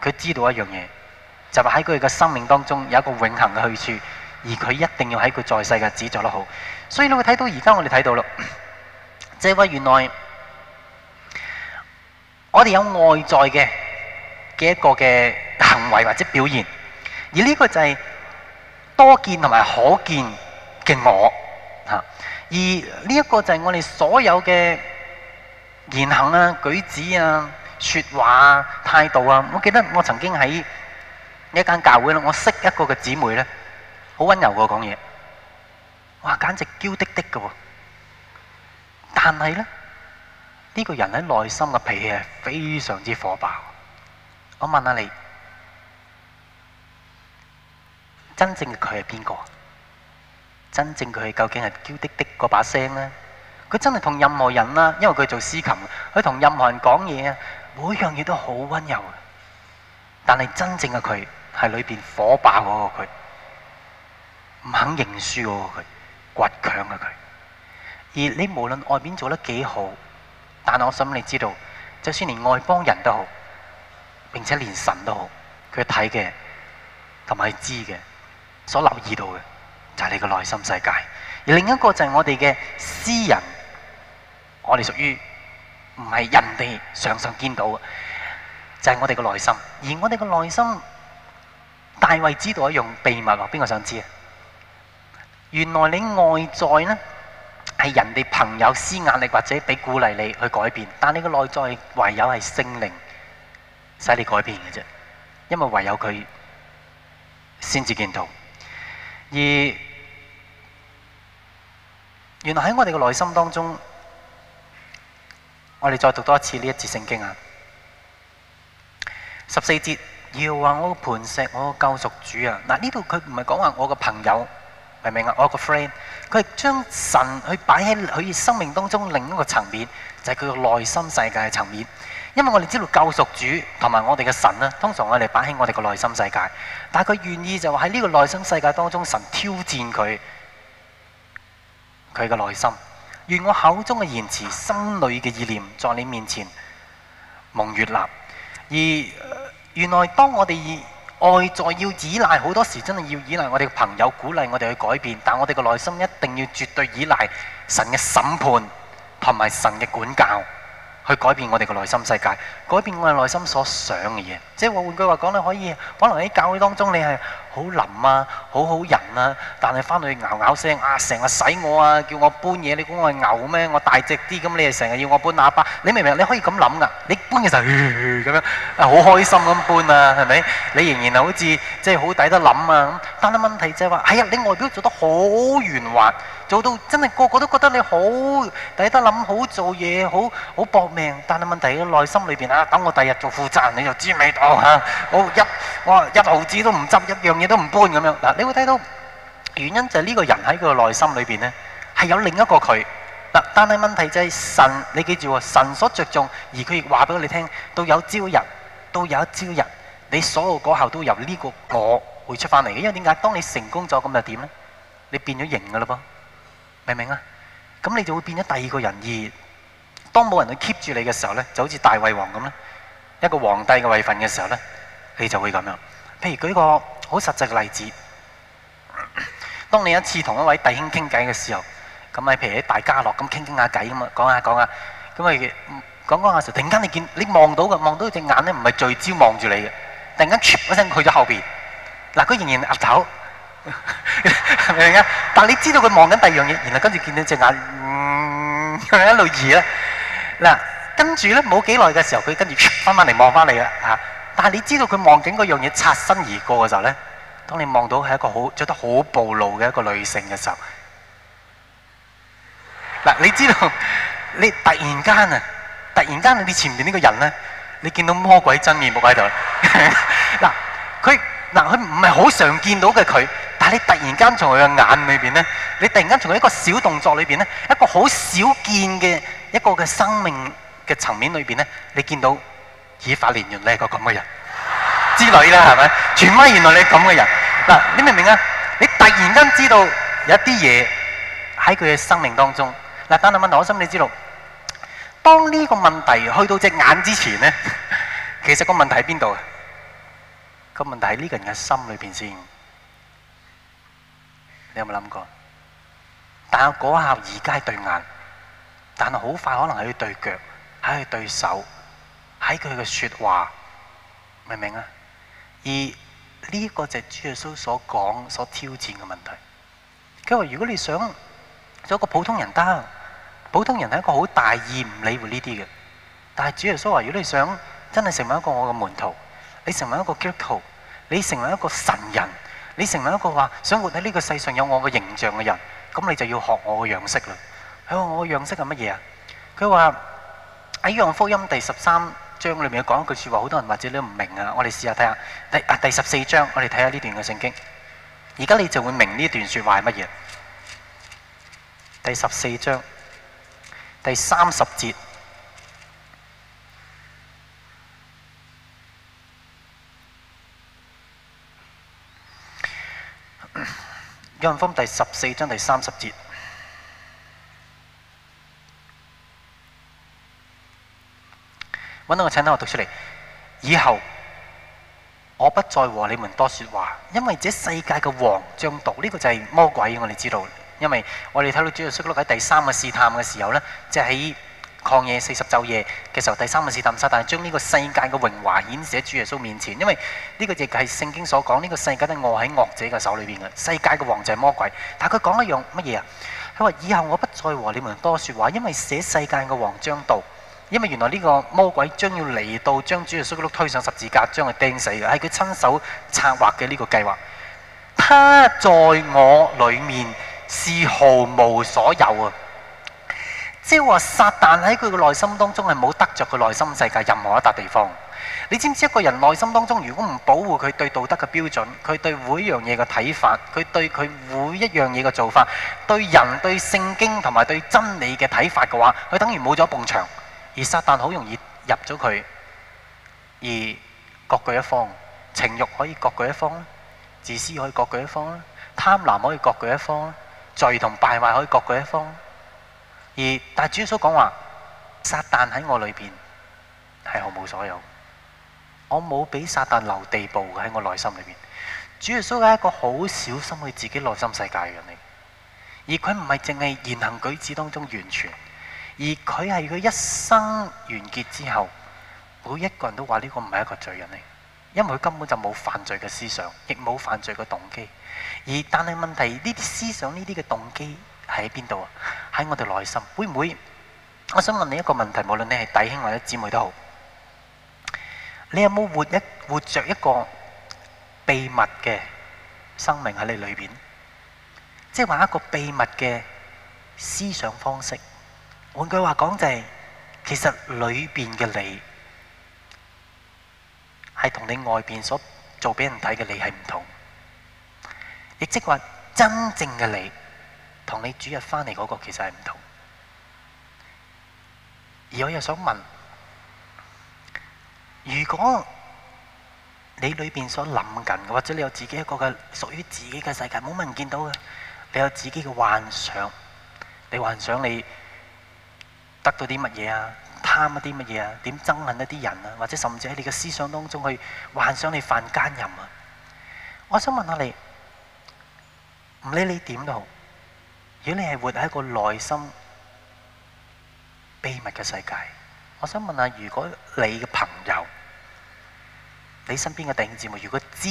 佢知道一樣嘢，就係喺佢嘅生命當中有一個永恆嘅去處，而佢一定要喺佢在世嘅子做得好。所以你會睇到而家我哋睇到咯，即係話原來我哋有外在嘅嘅一個嘅。行為或者表現，而呢個就係多見同埋可見嘅我吓、啊，而呢一個就係我哋所有嘅言行啊、舉止啊、說話啊、態度啊。我記得我曾經喺一間教會我識一個嘅姊妹咧，好温柔嘅講嘢，哇，簡直嬌滴滴嘅喎。但係咧，呢個人喺內心嘅脾氣係非常之火爆。我問下你。真正嘅佢係邊個？真正佢究竟係嬌滴滴嗰把聲咧？佢真係同任何人啦，因為佢做詩琴，佢同任何人講嘢，每樣嘢都好溫柔。但係真正嘅佢係裏邊火爆嗰個佢，唔肯認輸嗰個佢，倔強嘅佢。而你無論外邊做得幾好，但我想你知道，就算連外邦人都好，並且連神都好，佢睇嘅同埋知嘅。所留意到嘅就係你個內心世界，而另一個就係我哋嘅私人，我哋屬於唔係人哋常常見到嘅，就係我哋個內心。而我哋個內心，大衛知道一樣秘密，邊個想知啊？原來你外在呢係人哋朋友施壓力或者俾鼓勵你去改變，但你個內在唯有係聖靈使你改變嘅啫，因為唯有佢先至見到。而原來喺我哋嘅內心當中，我哋再讀多一次呢一節聖經啊，十四節要話我嘅磐石，我嘅救贖主啊，嗱，呢度佢唔係講話我個朋友明唔明啊？我個 friend，佢係將神去擺喺佢生命當中另一個層面，就係佢個內心世界嘅層面。因為我哋知道救贖主同埋我哋嘅神咧，通常我哋擺喺我哋嘅內心世界，但係佢願意就話喺呢個內心世界當中，神挑戰佢佢嘅內心。願我口中嘅言辭、心裏嘅意念，在你面前蒙悅納。而、呃、原來當我哋外在要依賴好多時，真係要依賴我哋嘅朋友鼓勵我哋去改變，但我哋嘅內心一定要絕對依賴神嘅審判同埋神嘅管教。去改變我哋嘅內心世界，改變我哋內心所想嘅嘢。即係換句話講，你可以，可能喺教會當中你，你係。好冧啊，好好人啊，但係翻去咬咬聲啊，成日使我啊，叫我搬嘢，你估我牛咩？我大隻啲，咁你又成日要我搬阿伯，你明唔明？你可以咁諗噶，你搬嘅時候咁、呃、樣啊，好開心咁搬啊，係咪？你仍然好似即係好抵得諗啊，但係問題就係話，哎呀，你外表做得好圓滑，做到真係個個都覺得你好抵得諗，好做嘢，好好搏命，但係問題嘅內心裏邊啊，等我第日，日做負責人你就知味道嚇。好、啊、一我一毫子都唔執一樣嘢。都唔搬咁樣嗱，你會睇到原因就係呢個人喺佢個內心裏邊咧，係有另一個佢嗱，但係問題就係神，你記住神所着重，而佢亦話俾你聽到有朝日，到有一朝日，你所有果效都由呢個我會出翻嚟嘅，因為點解？當你成功咗咁就點咧？你變咗型噶啦噃，明唔明啊？咁你就會變咗第二個人而當冇人去 keep 住你嘅時候咧，就好似大衛王咁咧，一個皇帝嘅位份嘅時候咧，你就會咁樣。譬如舉個好實際嘅例子，當你一次同一位弟兄傾偈嘅時候，咁咪譬如喺大家樂咁傾傾下偈咁啊，講下講下，咁啊講講下時，突然間你見你望到嘅，望到隻眼咧唔係聚焦望住你嘅，突然間一聲去咗後邊，嗱佢仍然岌頭，明唔明啊？但你知道佢望緊第二樣嘢，然後跟住見到隻眼嗯一路移咧，嗱跟住咧冇幾耐嘅時候，佢跟住翻翻嚟望翻你嘅啊。但係你知道佢望景緊嗰樣嘢擦身而過嘅時候咧，當你望到係一個好著得好暴露嘅一個女性嘅時候，嗱你知道你突然間啊，突然間你前面呢個人咧，你見到魔鬼真面目喺度。嗱佢嗱佢唔係好常見到嘅佢，但係你突然間從佢嘅眼裏邊咧，你突然間從佢一個小動作裏邊咧，一個好少見嘅一個嘅生命嘅層面裏邊咧，你見到。以發憤原，你係個咁嘅人之類啦，係咪？傳翻原來你係咁嘅人嗱，你明唔明啊？你突然間知道有一啲嘢喺佢嘅生命當中嗱，等等問我心，你知道當呢個問題去到隻眼之前咧，其實個問題喺邊度啊？個問題喺呢個人嘅心裏邊先，你有冇諗過？但係嗰下而家對眼，但係好快可能係要對腳，係對手。喺佢嘅説話明唔明啊？而呢一個就係主耶穌所講、所挑戰嘅問題。佢話如果你想做個普通人得，普通人係一個好大意，唔理會呢啲嘅。但係主耶穌話：如果你想真係成為一個我嘅門徒，你成為一個基督徒，你成為一個神人，你成為一個話想活喺呢個世上有我嘅形象嘅人，咁你就要學我嘅樣式啦。佢話我嘅樣式係乜嘢啊？佢話喺《羊福音》第十三章裏面講一句說話，好多人或者你都唔明啊！我哋試下睇下，第啊，第十四章，我哋睇下呢段嘅聖經。而家你就會明呢段說話係乜嘢？第十四章第三十節，約翰福音第十四章第三十節。揾到個餐單，我讀出嚟。以後我不再和你們多説話，因為這世界嘅王將到呢、這個就係魔鬼。我哋知道，因為我哋睇到主耶穌喺第三個試探嘅時候咧，就喺、是、曠野四十晝夜嘅時候，第三個試探撒但將呢個世界嘅榮華顯示喺主耶穌面前，因為呢個亦係聖經所講呢、這個世界都臥喺惡者嘅手裏邊嘅世界嘅王就係魔鬼。但係佢講一樣乜嘢啊？佢話：以後我不再和你們多説話，因為這世界嘅王將到。因為原來呢個魔鬼將要嚟到，將主耶穌推上十字架，將佢釘死嘅，係佢親手策劃嘅呢個計劃。他在我裡面是毫無所有啊！即係話撒旦喺佢嘅內心當中係冇得着佢內心世界任何一笪地方。你知唔知一個人內心當中，如果唔保護佢對道德嘅標準，佢對每一樣嘢嘅睇法，佢對佢每一樣嘢嘅做法，對人、對聖經同埋對真理嘅睇法嘅話，佢等於冇咗一埲牆。而撒旦好容易入咗佢，而各具一方，情慾可以各具一方，自私可以各具一方，貪婪可以各具一方，罪同敗壞可以各具一方。而但係主耶穌講話，撒旦喺我裏邊係毫無所有，我冇俾撒旦留地步喺我內心裏邊。主耶穌係一個好小心去自己內心世界嘅人，而佢唔係淨係言行舉止當中完全。而佢係佢一生完結之後，每一個人都話呢個唔係一個罪人嚟，因為佢根本就冇犯罪嘅思想，亦冇犯罪嘅動機。而但係問題，呢啲思想、呢啲嘅動機喺邊度啊？喺我哋內心會唔會？我想問你一個問題，無論你係弟兄或者姊妹都好，你有冇活一活着一個秘密嘅生命喺你裏邊？即係話一個秘密嘅思想方式。換句話講就係，其實裏邊嘅你係同你外邊所做俾人睇嘅你係唔同。亦即話真正嘅你同你主日翻嚟嗰個其實係唔同。而我又想問，如果你裏邊所諗緊，或者你有自己一個嘅屬於自己嘅世界，冇乜人見到嘅，你有自己嘅幻想，你幻想你得到啲乜嘢啊？貪一啲乜嘢啊？點憎恨一啲人啊？或者甚至喺你嘅思想當中去幻想你犯奸淫啊？我想問下你，唔理你點都好，如果你係活喺一個內心秘密嘅世界，我想問下，如果你嘅朋友、你身邊嘅弟兄姊妹，如果知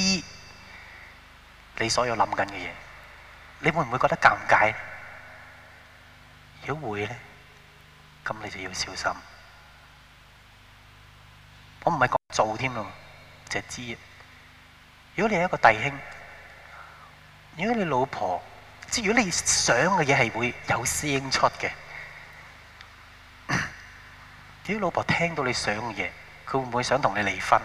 你所有諗緊嘅嘢，你會唔會覺得尷尬？如果會咧？咁你就要小心。我唔係講做添咯，就係知道。如果你係一個弟兄，如果你老婆，即如果你想嘅嘢係會有聲出嘅， 如果老婆聽到你想嘅嘢，佢會唔會想同你離婚？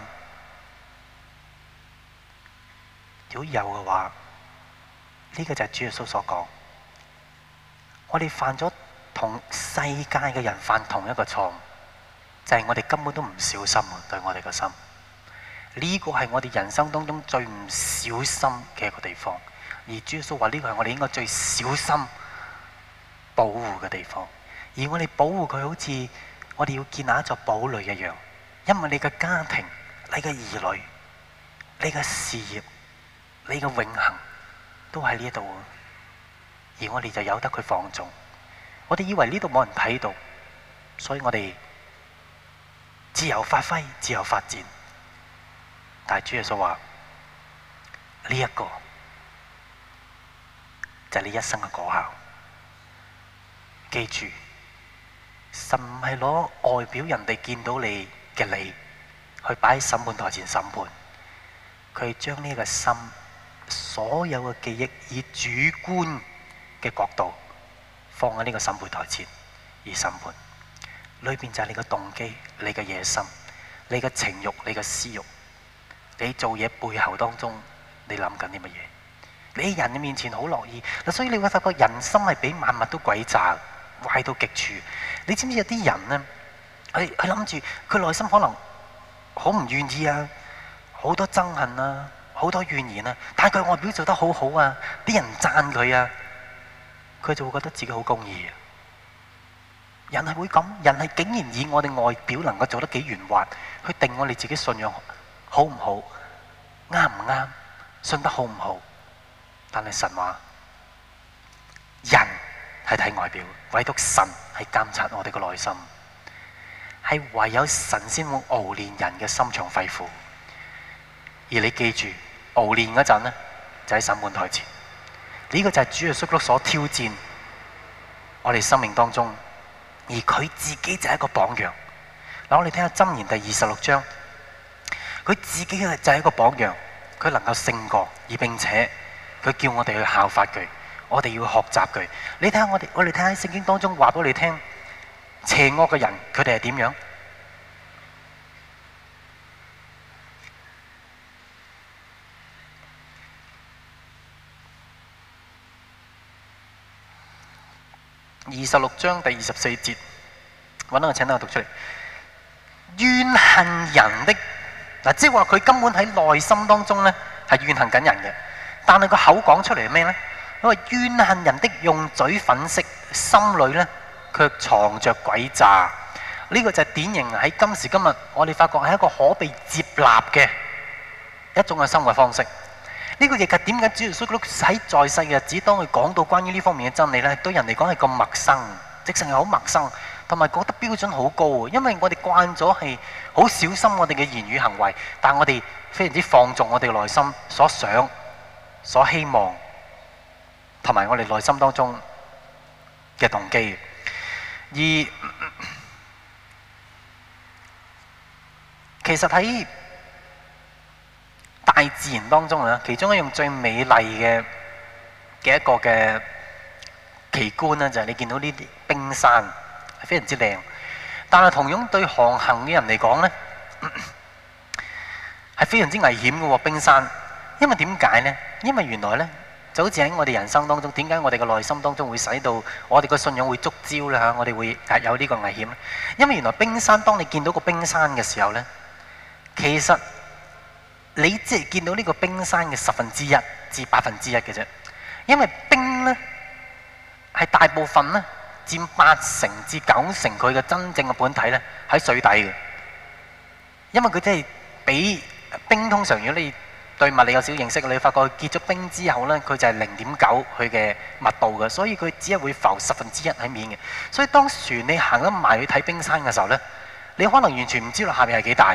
如果有嘅話，呢、這個就係主耶穌所講。我哋犯咗。同世界嘅人犯同一個錯誤，就係、是、我哋根本都唔小心對我哋個心。呢、這個係我哋人生當中最唔小心嘅一個地方，而主耶穌話：呢、這個係我哋應該最小心保護嘅地方。而我哋保護佢，好似我哋要建立一座堡壘一樣，因為你嘅家庭、你嘅兒女、你嘅事業、你嘅永恆都喺呢度，而我哋就由得佢放縱。我哋以為呢度冇人睇到，所以我哋自由發揮、自由發展。但係主耶穌話：呢一個就係你一生嘅果效。記住，神唔係攞外表人哋見到你嘅你，去擺喺審判台前審判。佢將呢個心所有嘅記憶，以主觀嘅角度，放喺呢個審判台前而審判，裏邊就係你嘅動機、你嘅野心、你嘅情欲、你嘅私欲，你做嘢背後當中，你諗緊啲乜嘢？你喺人面前好樂意，嗱，所以你會發覺人心係比萬物都詭詐，壞到極處。你知唔知有啲人咧？佢佢諗住，佢內心可能好唔願意啊，好多憎恨啊，好多怨言啊，但係佢外表做得好好啊，啲人讚佢啊。佢就會覺得自己好公義。人係會咁，人係竟然以我哋外表能夠做得幾圓滑，去定我哋自己信仰好唔好、啱唔啱、信得好唔好。但係神話，人係睇外表，唯獨神係監察我哋嘅內心，係唯有神先會熬煉人嘅心腸肺腑。而你記住，熬煉嗰陣呢，就喺審判台前。呢個就係主耶穌所挑戰我哋生命當中，而佢自己就係一個榜樣。嗱，我哋聽下箴言第二十六章，佢自己就係一個榜樣，佢能夠勝過，而並且佢叫我哋去效法佢，我哋要學習佢。你睇下我哋，我哋睇下聖經當中話俾你聽，邪惡嘅人佢哋係點樣？二十六章第二十四節，揾到個請到我讀出嚟。怨恨人的嗱，即係話佢根本喺內心當中咧係怨恨緊人嘅，但係個口講出嚟係咩咧？因為怨恨人的用嘴粉飾，心裏咧卻藏着鬼詐。呢、這個就係典型喺今時今日，我哋發覺係一個可被接納嘅一種嘅生活方式。呢個亦係點解主耶穌喺在世嘅日子，當佢講到關於呢方面嘅真理咧，對人嚟講係咁陌生，直情係好陌生，同埋覺得標準好高喎。因為我哋慣咗係好小心我哋嘅言語行為，但係我哋非常之放縱我哋內心所想、所希望同埋我哋內心當中嘅動機。而其實喺大自然當中啊，其中一樣最美麗嘅嘅一個嘅奇觀呢，就係你見到呢啲冰山係非常之靚。但係同樣對航行嘅人嚟講呢，係非常之危險嘅喎，冰山。因為點解呢？因為原來呢就好似喺我哋人生當中，點解我哋嘅內心當中會使到我哋嘅信仰會觸礁呢？嚇？我哋會有呢個危險。因為原來冰山，當你見到個冰山嘅時候呢，其實。你即係見到呢個冰山嘅十分之一至百分之一嘅啫，因為冰咧係大部分咧佔八成至九成，佢嘅真正嘅本體咧喺水底嘅。因為佢即係比冰，通常如果你對物理有少少認識，你發覺結咗冰之後咧，佢就係零點九佢嘅密度嘅，所以佢只係會浮十分之一喺面嘅。所以當船你行緊埋去睇冰山嘅時候咧，你可能完全唔知道下面係幾大，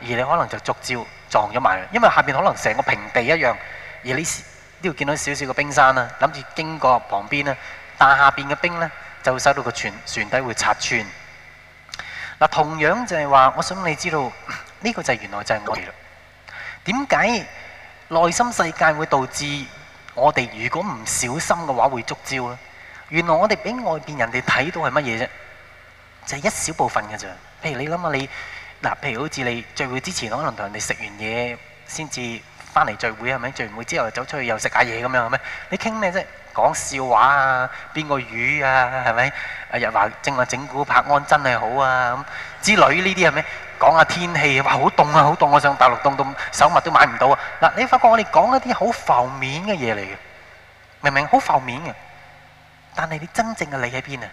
而你可能就聚焦。撞咗埋，因為下邊可能成個平地一樣，而你呢度見到少少嘅冰山啦，諗住經過旁邊呢，但下邊嘅冰呢，就會使到個船船底會拆穿。嗱，同樣就係話，我想你知道呢、這個就係原來就係我哋啦。點解內心世界會導致我哋如果唔小心嘅話會觸礁呢？原來我哋俾外邊人哋睇到係乜嘢啫？就係、是、一小部分嘅啫。譬如你諗下、啊、你。嗱，譬如好似你聚會之前，可能同人哋食完嘢先至翻嚟聚會，係咪？聚完會之後走出去又食下嘢咁樣，係咪？你傾咩啫？講笑話啊，邊個魚啊，係咪？啊日華正話整蠱柏安真係好啊，咁之類呢啲係咪？講下天氣哇，好凍啊，好凍！我上大陸凍到手襪都買唔到啊！嗱，你發覺我哋講一啲好浮面嘅嘢嚟嘅，明唔明？好浮面嘅，但係你真正嘅你喺邊啊？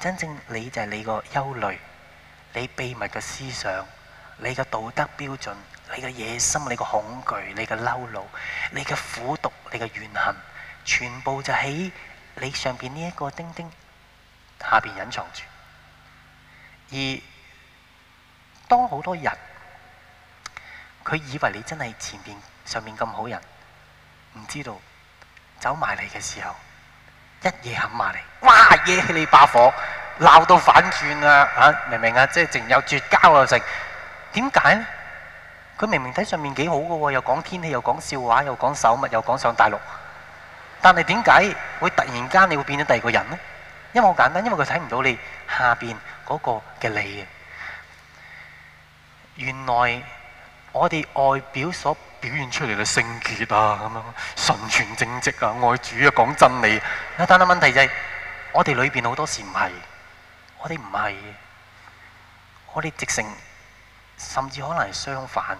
真正你就係你個憂慮。你秘密嘅思想，你嘅道德標準，你嘅野心，你嘅恐懼，你嘅嬲怒，你嘅苦毒，你嘅怨恨，全部就喺你上邊呢一個釘釘下邊隱藏住。而當好多人佢以為你真係前邊上面咁好人，唔知道走埋嚟嘅時候，一嘢冚埋嚟，哇，惹起你把火。鬧到反轉啦、啊、嚇、啊，明明啊？即係淨有絕交成明明啊！剩點解呢？佢明明睇上面幾好嘅喎，又講天氣，又講笑話，又講手物，又講上大陸。但係點解會突然間你會變咗第二個人呢？因為好簡單，因為佢睇唔到你下邊嗰個嘅你。原來我哋外表所表現出嚟嘅聖潔啊，咁樣純全正直啊，愛主啊，講真理。但係問題就係、是，我哋裏邊好多時唔係。我哋唔係，我哋直情，甚至可能係相反。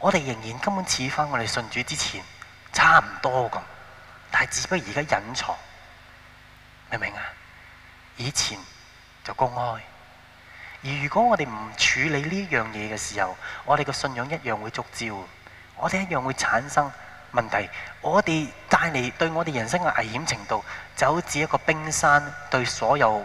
我哋仍然根本似返我哋信主之前，差唔多咁。但係只不過而家隱藏，明唔明啊？以前就公開。而如果我哋唔處理呢樣嘢嘅時候，我哋嘅信仰一樣會觸礁，我哋一樣會產生問題。我哋帶嚟對我哋人生嘅危險程度，就好似一個冰山，對所有。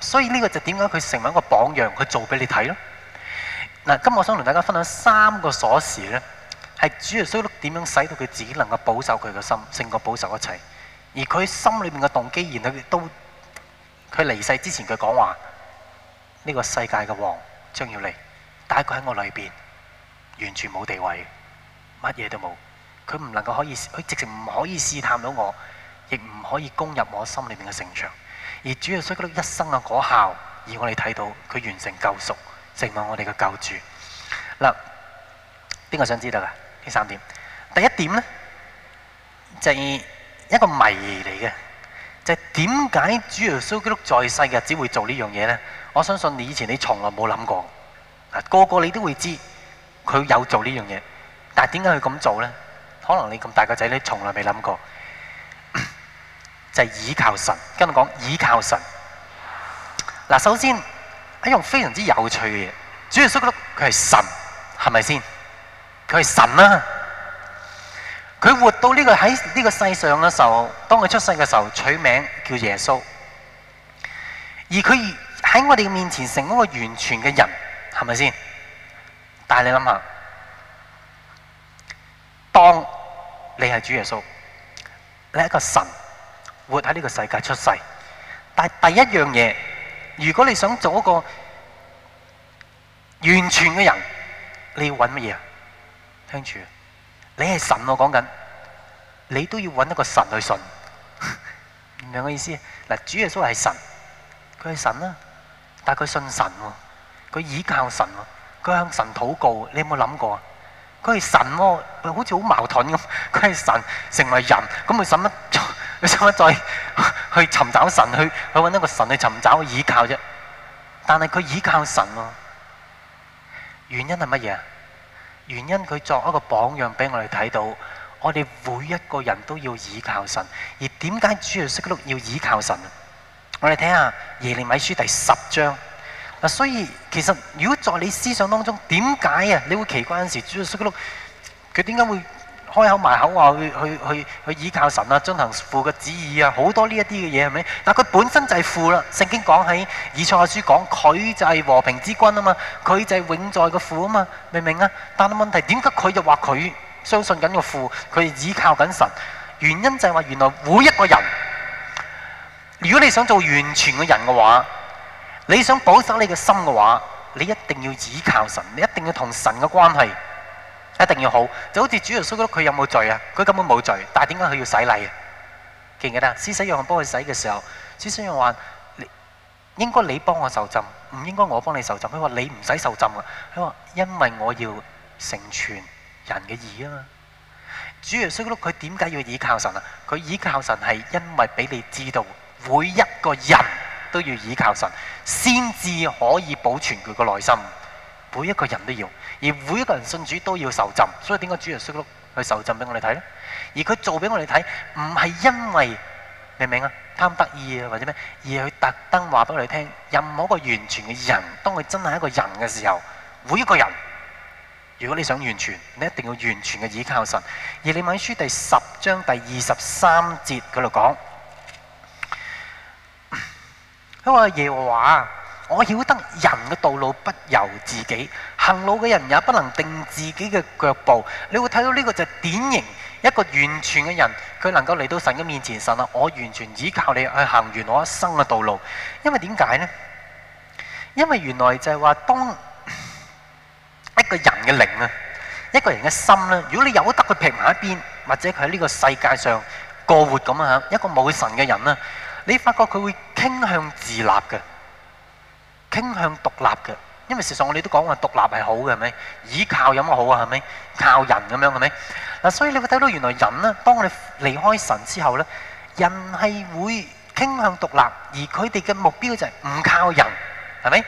所以呢個就點解佢成為一個榜樣，佢做俾你睇咯。嗱，今日我想同大家分享三個鎖匙咧，係主耶穌點樣使到佢自己能夠保守佢個心，勝過保守一切。而佢心裏面嘅動機，然後亦都佢離世之前佢講話，呢個世界嘅王將要嚟，但係佢喺我裏邊完全冇地位，乜嘢都冇，佢唔能夠可以，佢直情唔可以試探到我，亦唔可以攻入我心裏面嘅城牆。而主耶穌基督一生嘅果效，而我哋睇到佢完成救贖，成為我哋嘅救主。嗱，邊個想知道噶？呢三點，第一點咧，就係、是、一個謎嚟嘅，就係點解主耶穌基督在世嘅日子會做呢樣嘢咧？我相信你以前你從來冇諗過，嗱個個你都會知，佢有做呢樣嘢，但係點解佢咁做咧？可能你咁大個仔你從來未諗過。就係倚靠神，跟住講倚靠神。嗱，首先一樣非常之有趣嘅嘢，主耶穌覺得佢係神，係咪先？佢係神啊！佢活到呢、這個喺呢個世上嘅時候，當佢出世嘅時候取名叫耶穌，而佢喺我哋面前成為一個完全嘅人，係咪先？但係你諗下，當你係主耶穌，你係一個神。活喺呢個世界出世，但係第一樣嘢，如果你想做一個完全嘅人，你要揾乜嘢啊？聽住，你係神我講緊，你都要揾一個神去信，明唔明我意思？嗱，主耶穌係神，佢係神啦，但係佢信神喎，佢倚靠神喎，佢向神禱告，你有冇諗過啊？佢係神喎，好似好矛盾咁，佢係神成為人，咁佢使乜？佢想再去尋找神，去去搵一個神去尋找倚靠啫。但係佢倚靠神喎，原因係乜嘢啊？原因佢作一個榜樣俾我哋睇到，我哋每一個人都要倚靠神。而點解主耶穌基督要倚靠神啊？我哋睇下耶利米書第十章。嗱，啊，所以其實如果在你思想當中，點解啊？你會奇怪嗰陣時主要，主耶穌基督佢點解會？開口埋口話去去去去倚靠神啊，遵行父嘅旨意啊，好多呢一啲嘅嘢係咪？但佢本身就係父啦。聖經講喺以賽亞書講，佢就係和平之君啊嘛，佢就係永在嘅父啊嘛，明唔明啊？但係問題，點解佢就話佢相信緊個父，佢係倚靠緊神？原因就係話原來每一個人，如果你想做完全嘅人嘅話，你想保守你嘅心嘅話，你一定要倚靠神，你一定要同神嘅關係。一定要好，就好似主耶穌佢有冇罪啊？佢根本冇罪，但係點解佢要洗禮啊？記唔記得？施洗約翰幫佢洗嘅時候，施洗約翰話應該你幫我受浸，唔應該我幫你受浸。佢話你唔使受浸嘅，佢話因為我要成全人嘅義啊嘛。主耶穌佢點解要倚靠神啊？佢倚靠神係因為俾你知道，每一個人都要倚靠神，先至可以保存佢個內心。每一個人都要。而每一個人信主都要受浸，所以點解主耶穌碌去受浸俾我哋睇咧？而佢做俾我哋睇，唔係因為明唔明啊？貪得意啊，或者咩？而係佢特登話俾我哋聽，任何一個完全嘅人，當佢真係一個人嘅時候，每一個人，如果你想完全，你一定要完全嘅倚靠神。而耶利米書第十章第二十三節嗰度講，佢話，耶和華。我曉得人嘅道路不由自己，行路嘅人也不能定自己嘅腳步。你會睇到呢個就係典型一個完全嘅人，佢能夠嚟到神嘅面前。神啊，我完全依靠你去行完我一生嘅道路。因為點解呢？因為原來就係話，當一個人嘅靈啊，一個人嘅心咧，如果你由得佢撇埋一邊，或者佢喺呢個世界上過活咁啊，一個冇神嘅人咧，你發覺佢會傾向自立嘅。傾向獨立嘅，因為事實上我哋都講話獨立係好嘅，係咪？倚靠有乜好啊？係咪？靠人咁樣係咪？嗱，所以你會睇到原來人呢，當我哋離開神之後呢，人係會傾向獨立，而佢哋嘅目標就係唔靠人，係咪？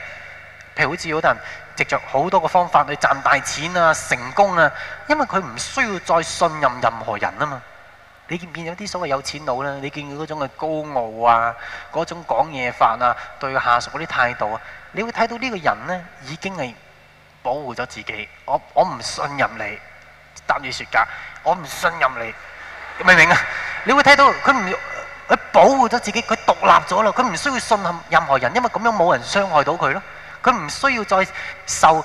譬如好似好多人藉着好多嘅方法去賺大錢啊、成功啊，因為佢唔需要再信任任何人啊嘛。你見唔見有啲所謂有錢佬咧？你見佢嗰種嘅高傲啊，嗰種講嘢法啊，對下屬嗰啲態度啊，你會睇到呢個人咧已經係保護咗自己。我我唔信任你，擔住説假，我唔信任你，明唔明啊？你會睇到佢唔佢保護咗自己，佢獨立咗啦，佢唔需要信任任何人，因為咁樣冇人傷害到佢咯。佢唔需要再受。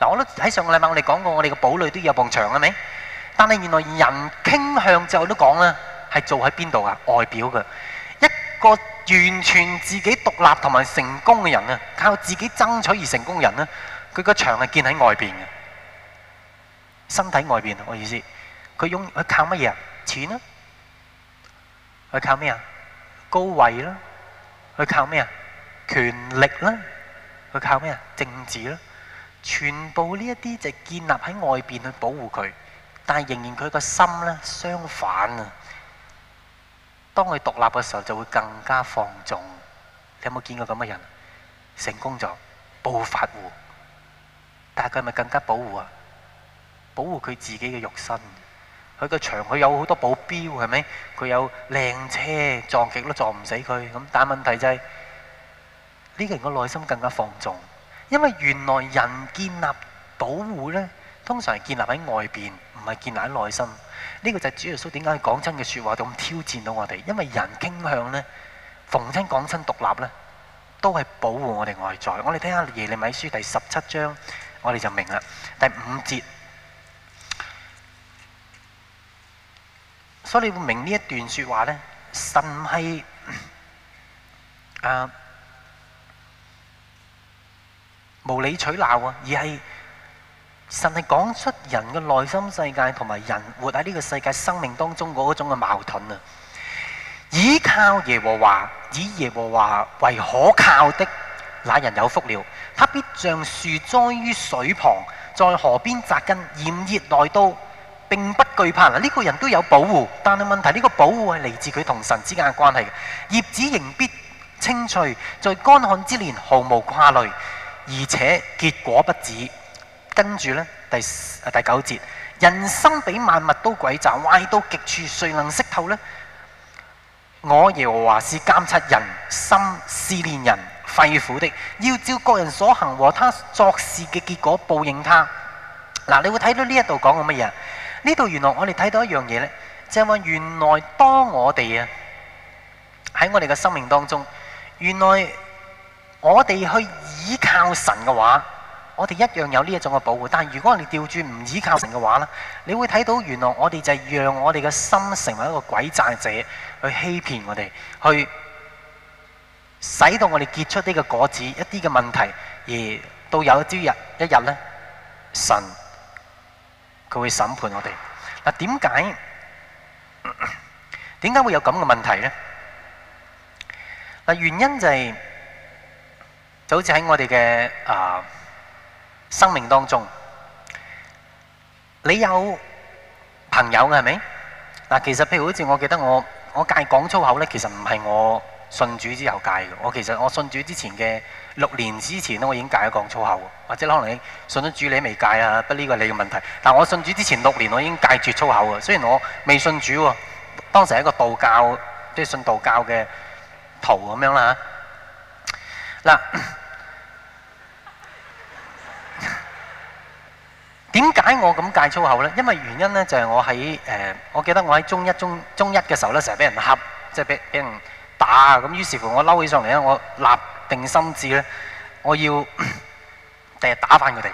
嗱，我咧喺上個禮拜我哋講過，我哋個堡壘都有盪牆嘅咪？但係原來人傾向就我都講啦，係做喺邊度啊？外表嘅一個完全自己獨立同埋成功嘅人啊，靠自己爭取而成功嘅人咧，佢個牆係建喺外面嘅，身體外面。我意思，佢用佢靠乜嘢啊？錢啦，佢靠咩啊？高位啦，佢靠咩啊？權力啦，佢靠咩啊？政治啦。全部呢一啲就建立喺外邊，去保護佢，但係仍然佢個心咧相反啊。當佢獨立嘅時候，就會更加放縱。你有冇見過咁嘅人？成功咗，暴發戶，但係佢係咪更加保護啊？保護佢自己嘅肉身，佢個場佢有好多保鏢，係咪？佢有靚車撞極都撞唔死佢。咁但係問題就係呢個人嘅內心更加放縱。因為原來人建立保護呢，通常係建立喺外邊，唔係建立喺內心。呢個就係主耶穌點解佢講親嘅說話就咁挑戰到我哋？因為人傾向呢，逢親講親獨立呢，都係保護我哋外在。我哋睇下耶利米書第十七章，我哋就明啦。第五節，所以你會明呢一段說話呢，神係啊。無理取鬧啊！而係神係講出人嘅內心世界同埋人活喺呢個世界生命當中嗰種嘅矛盾啊！倚靠耶和華，以耶和華為可靠的，那人有福了。他必像樹栽於水旁，在河邊扎根，炎熱來到並不懼怕。呢、這個人都有保護，但係問題呢個保護係嚟自佢同神之間嘅關係。葉子仍必青翠，在乾旱之年毫無掛慮。而且結果不止，跟住呢，第第九節，人生比萬物都詭詐，壞到極處，誰能識透呢？我耶和華是監察人心試煉人肺腑的，要照各人所行和他作事嘅結果報應他。嗱，你會睇到呢一度講緊乜嘢？呢度原來我哋睇到一樣嘢呢，就係話原來當我哋啊喺我哋嘅生命當中，原來。我哋去倚靠神嘅話，我哋一樣有呢一種嘅保護。但係如果我哋調轉唔倚靠神嘅話咧，你會睇到原來我哋就係讓我哋嘅心成為一個詭詐者，去欺騙我哋，去使到我哋結出呢個果子，一啲嘅問題，而到有一朝一日咧，神佢會審判我哋。嗱，點解點解會有咁嘅問題咧？嗱、啊、原因就係、是。就好似喺我哋嘅啊生命當中，你有朋友嘅係咪？嗱，其實譬如好似我記得我我戒講粗口咧，其實唔係我信主之後戒嘅。我其實我信主之前嘅六年之前咧，我已經戒咗講粗口。或者可能你信咗主你未戒啊？不，呢個你嘅問題。但我信主之前六年，我已經戒絕粗口嘅。雖然我未信主喎，當時係一個道教，即係信道教嘅徒咁樣啦。嗱、啊。點解我咁戒粗口呢？因為原因呢，就係我喺誒，我記得我喺中一中中一嘅時候咧，成日俾人恰，即係俾俾人打。咁於是乎，我嬲起上嚟咧，我立定心志呢，我要第日打翻佢哋。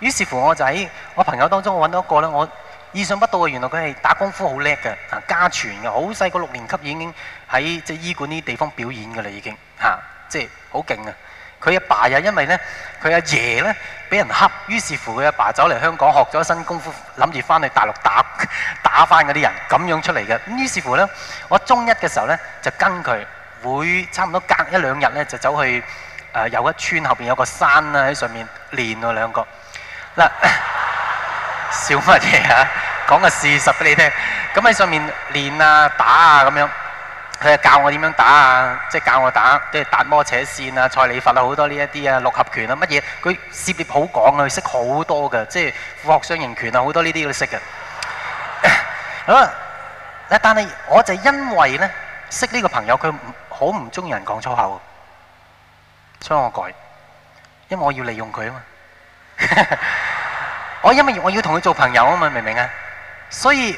於是乎，我就喺我朋友當中，我揾到一個呢，我意想不到嘅，原來佢係打功夫好叻嘅，啊家傳嘅，好細個六年級已經喺即係醫館呢啲地方表演嘅啦，已經嚇，即係好勁啊！佢阿爸又因為咧，佢阿爺咧俾人恰，於是乎佢阿爸走嚟香港學咗一身功夫，諗住翻去大陸打打翻嗰啲人，咁樣出嚟嘅。咁於是乎咧，我中一嘅時候咧就跟佢，會差唔多隔一兩日咧就走去誒、呃、有一村後邊有個山啦，喺上面練喎兩個。嗱 什麼，笑乜嘢啊？講個事實俾你聽，咁喺上面練啊打啊咁樣。佢係教我點樣打啊！即、就、係、是、教我打，即係達摩扯線啊、蔡李佛啊好多呢一啲啊、六合拳啊乜嘢。佢涉獵好廣啊，佢識好多嘅，即係虎鶴雙形拳啊好多呢啲都識嘅。咁啊，但係我就因為呢識呢個朋友，佢好唔中意人講粗口，所以我改，因為我要利用佢啊嘛。 我因為我要同佢做朋友啊嘛，明唔明啊？所以。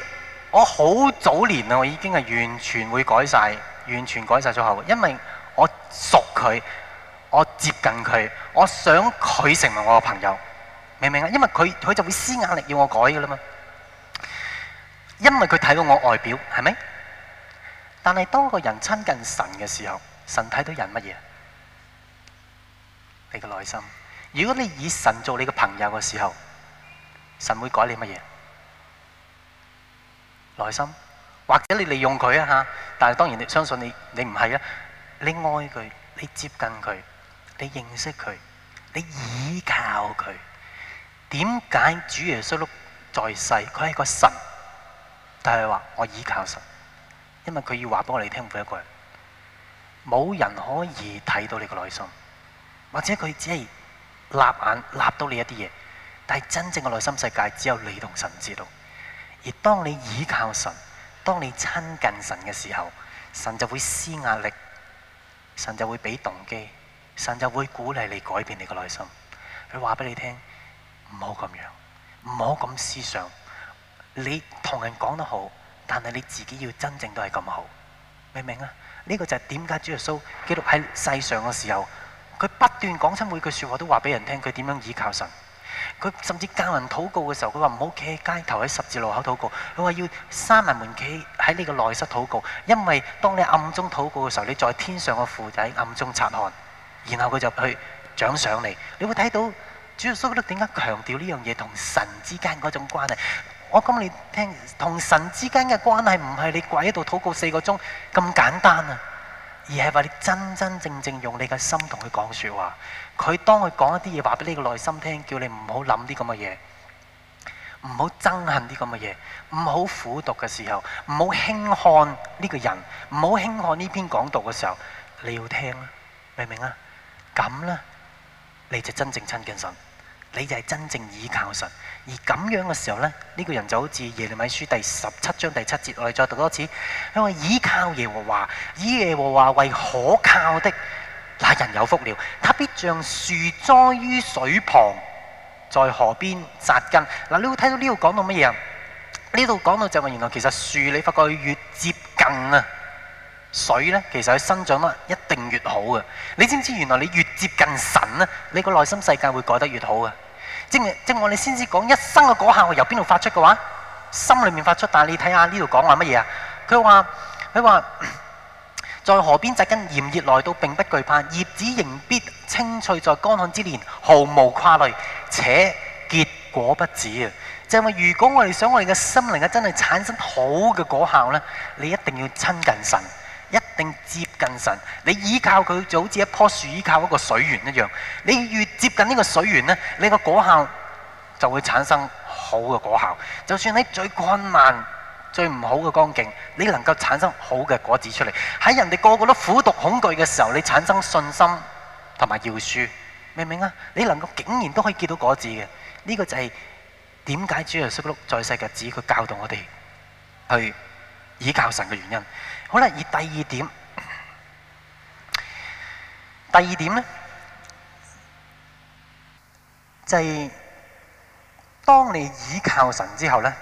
我好早年啊，我已經係完全會改晒，完全改晒咗後，因為我熟佢，我接近佢，我想佢成為我嘅朋友，明唔明啊？因為佢佢就會施壓力要我改噶啦嘛，因為佢睇到我外表係咪？但係當個人親近神嘅時候，神睇到人乜嘢？你嘅內心。如果你以神做你嘅朋友嘅時候，神會改你乜嘢？內心，或者你利用佢啊吓，但係當然你相信你，你唔係啊，你愛佢，你接近佢，你認識佢，你依靠佢。點解主耶穌喺在世，佢係個神，但係話我依靠神，因為佢要話俾我哋聽每一句。冇人可以睇到你個內心，或者佢只係立眼立到你一啲嘢，但係真正嘅內心世界只有你同神知道。而當你倚靠神，當你親近神嘅時候，神就會施壓力，神就會俾動機，神就會鼓勵你改變你嘅內心。佢話俾你聽：唔好咁樣，唔好咁思想。你同人講得好，但係你自己要真正都係咁好，明唔明啊？呢個就係點解主耶穌基督喺世上嘅時候，佢不斷講出每句説話都話俾人聽，佢點樣倚靠神。佢甚至教人禱告嘅時候，佢話唔好企喺街頭喺十字路口禱告，佢話要閂埋門企喺呢個內室禱告，因為當你暗中禱告嘅時候，你在天上嘅父仔暗中察看，然後佢就去獎賞你。你會睇到主耶穌點解強調呢樣嘢同神之間嗰種關係？我咁你聽，同神之間嘅關係唔係你跪喺度禱告四個鐘咁簡單啊，而係話你真真正正用你嘅心同佢講説話。佢當佢講一啲嘢話俾你個內心聽，叫你唔好諗啲咁嘅嘢，唔好憎恨啲咁嘅嘢，唔好苦毒嘅時候，唔好輕看呢個人，唔好輕看呢篇講道嘅時候，你要聽啊，明唔明啊？咁咧，你就真正親近神，你就係真正倚靠神。而咁樣嘅時候咧，呢個人就好似耶利米書第十七章第七節，我哋再讀多次，因為倚靠耶和華，以耶和華為可靠的。那人有福了，他必像樹栽於水旁，在河邊扎根。嗱，你會睇到呢度講到乜嘢？呢度講到就係，原來其實樹，你發覺越接近啊水咧，其實佢生長得一定越好嘅。你知唔知原來你越接近神咧，你個內心世界會改得越好嘅？正正我哋先至講一生嘅果效由邊度發出嘅話，心裡面發出。但係你睇下呢度講話乜嘢啊？佢話佢話。在河邊扎根，炎熱來到並不懼怕，葉子仍必青翠。在乾旱之年，毫無掛慮，且結果不止。就係話，如果我哋想我哋嘅心靈啊，真係產生好嘅果效呢，你一定要親近神，一定接近神，你依靠佢就好似一棵樹依靠一個水源一樣。你越接近呢個水源呢，你個果效就會產生好嘅果效。就算你最困難。最唔好嘅光景，你能夠產生好嘅果子出嚟。喺人哋個個都苦毒恐懼嘅時候，你產生信心同埋要書，明唔明啊？你能夠竟然都可以見到果子嘅，呢、這個就係點解主耶穌在世嘅子佢教導我哋去倚靠神嘅原因。好啦，而第二點，第二點咧，就係、是、當你倚靠神之後咧。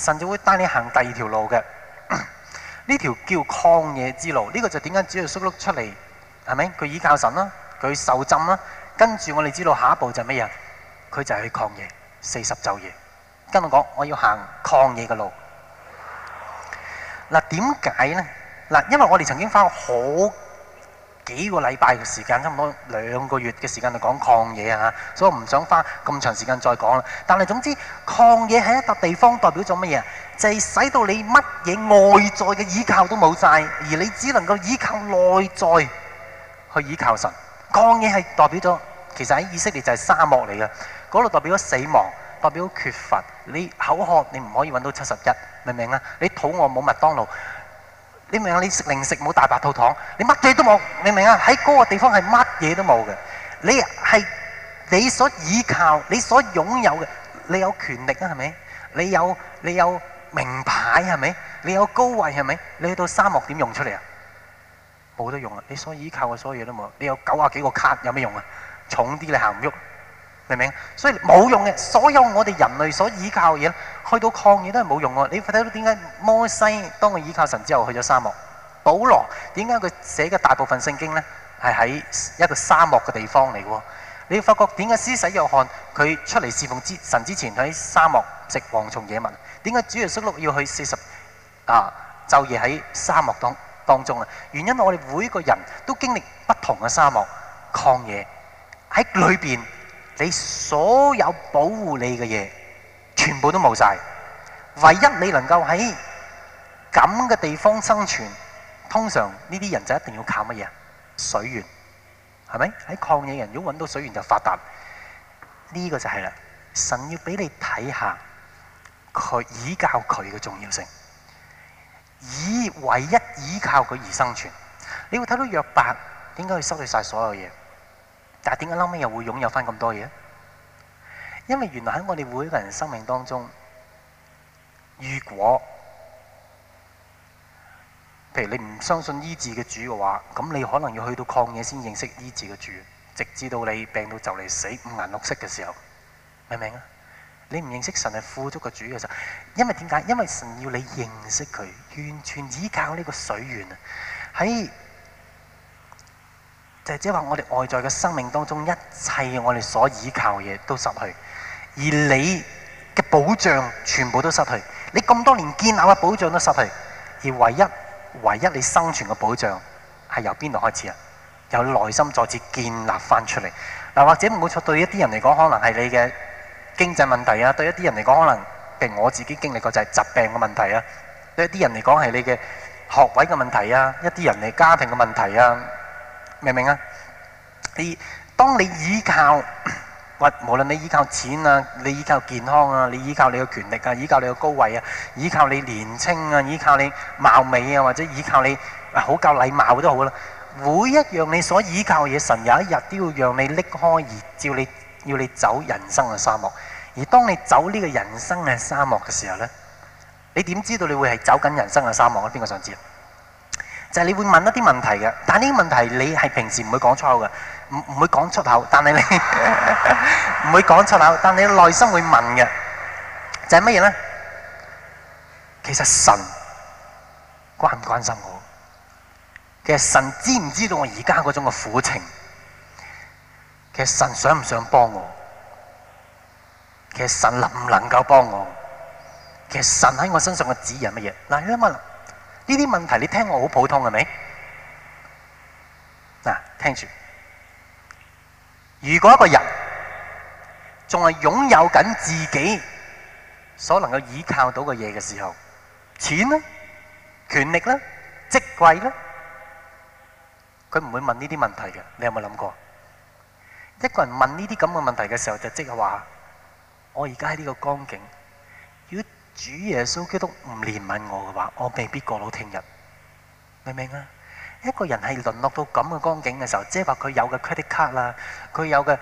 甚至會帶你行第二條路嘅，呢 條叫曠野之路，呢、這個就點解只要叔碌出嚟？係咪？佢依靠神啦，佢受浸啦，跟住我哋知道下一步就係咩嘢？佢就係去曠野，四十晝夜，跟我講，我要行曠野嘅路。嗱、啊，點解呢？嗱、啊，因為我哋曾經翻過好。幾個禮拜嘅時間，差唔多兩個月嘅時間就講曠野啊，所以唔想花咁長時間再講啦。但係總之，曠野喺一笪地方代表咗乜嘢？就係、是、使到你乜嘢外在嘅依靠都冇晒，而你只能夠依靠內在去依靠神。曠野係代表咗，其實喺以色列就係沙漠嚟嘅，嗰度代表咗死亡，代表咗缺乏。你口渴你唔可以揾到七十一，明唔明啊？你肚餓冇麥當勞。你明唔明？你食零食冇大白兔糖，你乜嘢都冇，你明唔明啊？喺嗰個地方係乜嘢都冇嘅。你係你所依靠、你所擁有嘅，你有權力啊？係咪？你有你有名牌係咪？你有高位係咪？你去到沙漠點用出嚟啊？冇得用啊！你所依靠嘅所有嘢都冇。你有九廿幾個卡有咩用啊？重啲你行唔喐。明唔明？所以冇用嘅，所有我哋人類所依靠嘅嘢，去到曠野都係冇用嘅。你睇到點解摩西當佢依靠神之後去咗沙漠？保羅點解佢寫嘅大部分聖經呢係喺一個沙漠嘅地方嚟嘅？你發覺點解施洗約翰佢出嚟侍奉之神之前佢喺沙漠食蝗蟲野蜜？點解主耶穌基督要去四十啊晝夜喺沙漠當當中啊？原因我哋每個人都經歷不同嘅沙漠曠野喺裏邊。你所有保護你嘅嘢，全部都冇晒。唯一你能夠喺咁嘅地方生存，通常呢啲人就一定要靠乜嘢？水源，係咪？喺曠野人，如果揾到水源就發達。呢、呢個就係啦。神要俾你睇下佢倚靠佢嘅重要性，以唯一依靠佢而生存。你會睇到約伯點解要失去晒所有嘢？但係點解臨尾又會擁有翻咁多嘢？因為原來喺我哋每個人生命當中，如果譬如你唔相信醫治嘅主嘅話，咁你可能要去到曠野先認識醫治嘅主，直至到你病到就嚟死五顏六色嘅時候，明唔明啊？你唔認識神係富足嘅主嘅時候，因為點解？因為神要你認識佢，完全依靠呢個水源啊，喺。就係即係話，我哋外在嘅生命當中一切我哋所倚靠嘅嘢都失去，而你嘅保障全部都失去。你咁多年建立嘅保障都失去，而唯一唯一你生存嘅保障係由邊度開始啊？由內心再次建立翻出嚟嗱。或者唔冇錯，對一啲人嚟講，可能係你嘅經濟問題啊；對一啲人嚟講，可能係我自己經歷過就係疾病嘅問題啊；對一啲人嚟講係你嘅學位嘅問題啊；一啲人係家庭嘅問題啊。明唔明啊？你當你依靠或無論你依靠錢啊，你依靠健康啊，你依靠你嘅權力啊，依靠你嘅高位啊，依靠你年青啊，依靠你貌美啊，或者依靠你好夠禮貌都好啦。每一樣你所依靠嘅嘢，神有一日都要讓你拎開而叫，你要你走人生嘅沙漠。而當你走呢個人生嘅沙漠嘅時候呢，你點知道你會係走緊人生嘅沙漠咧？邊個想知？就係你會問一啲問題嘅，但呢啲問題你係平時唔會講出口嘅，唔唔會講出口。但係你唔 會講出口，但你內心會問嘅，就係乜嘢咧？其實神關唔關心我？其實神知唔知道我而家嗰種嘅苦情？其實神想唔想幫我？其實神能唔能夠幫我？其實神喺我身上嘅指引係乜嘢？嗱，你諗下。呢啲問題你聽我好普通係咪？嗱，聽住。如果一個人仲係擁有緊自己所能夠依靠到嘅嘢嘅時候，錢啦、權力啦、職位啦，佢唔會問呢啲問題嘅。你有冇諗過？一個人問呢啲咁嘅問題嘅時候，就即係話：我而家喺呢個光景。主耶穌基督唔憐憫我嘅話，我未必過到聽日，明唔明啊？一個人係淪落到咁嘅光景嘅時候，即係話佢有嘅 credit card 啦，佢有嘅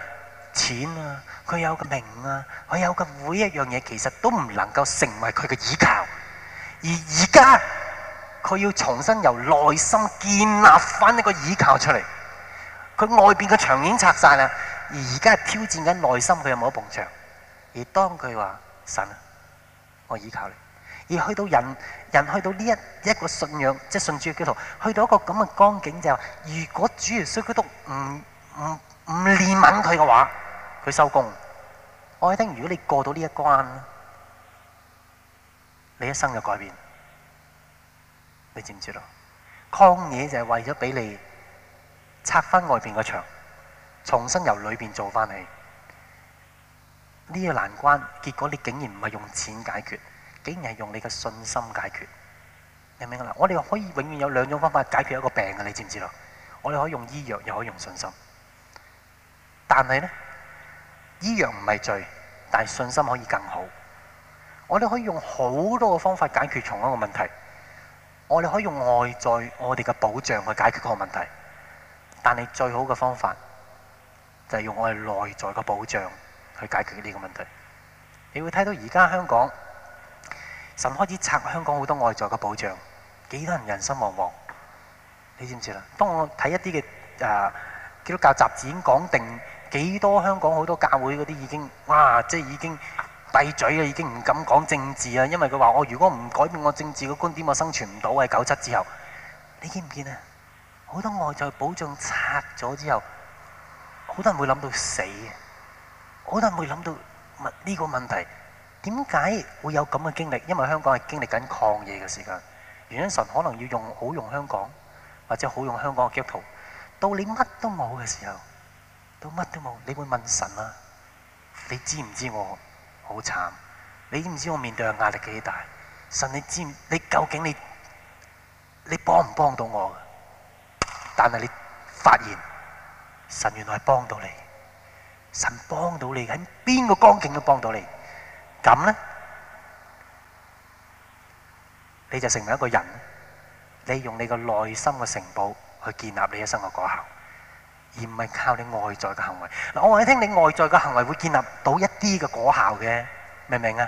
錢啊，佢有嘅名啊，佢有嘅每一樣嘢，其實都唔能夠成為佢嘅倚靠。而而家佢要重新由內心建立翻一個倚靠出嚟，佢外邊嘅牆已經拆晒啦，而而家係挑戰緊內心佢有冇一埲牆？而當佢話神啊。我依靠你，而去到人，人去到呢一一個信仰，即係信主基督，去到一個咁嘅光景就係：如果主耶穌基督唔唔唔憐憫佢嘅話，佢收工。我一定如果你過到呢一關，你一生嘅改變，你知唔知道，抗嘢就係為咗俾你拆翻外邊嘅牆，重新由裏邊做翻起。呢個難關，結果你竟然唔係用錢解決，竟然係用你嘅信心解決，明唔明啊？我哋可以永遠有兩種方法解決一個病嘅，你知唔知道？我哋可以用醫藥，又可以用信心。但係咧，醫藥唔係罪，但係信心可以更好。我哋可以用好多個方法解決同一個問題。我哋可以用外在我哋嘅保障去解決個問題，但係最好嘅方法就係用我哋內在嘅保障。去解決呢個問題，你會睇到而家香港，神開始拆香港好多外在嘅保障，幾多人人心惶惶？你知唔知啦？當我睇一啲嘅誒基督教雜誌已經講定，幾多香港好多教會嗰啲已經哇，即係已經閉嘴啊，已經唔敢講政治啊，因為佢話我如果唔改變我政治嘅觀點，我生存唔到喺九七之後。你見唔見啊？好多外在保障拆咗之後，好多人會諗到死啊！我都唔會諗到，問呢個問題點解會有咁嘅經歷？因為香港係經歷緊抗疫嘅時間，原因神可能要用好用香港，或者好用香港嘅基督徒，到你乜都冇嘅時候，到乜都冇，你會問神啊：你知唔知我好慘？你知唔知我面對嘅壓力幾大？神，你知？你究竟你你幫唔幫到我嘅？但係你發現，神原來係幫到你。神幫到你，喺邊個光景都幫到你，咁呢，你就成為一個人，你用你個內心嘅城堡去建立你一生嘅果效，而唔係靠你外在嘅行為。嗱，我話你聽，你外在嘅行為會建立到一啲嘅果效嘅，明唔明啊？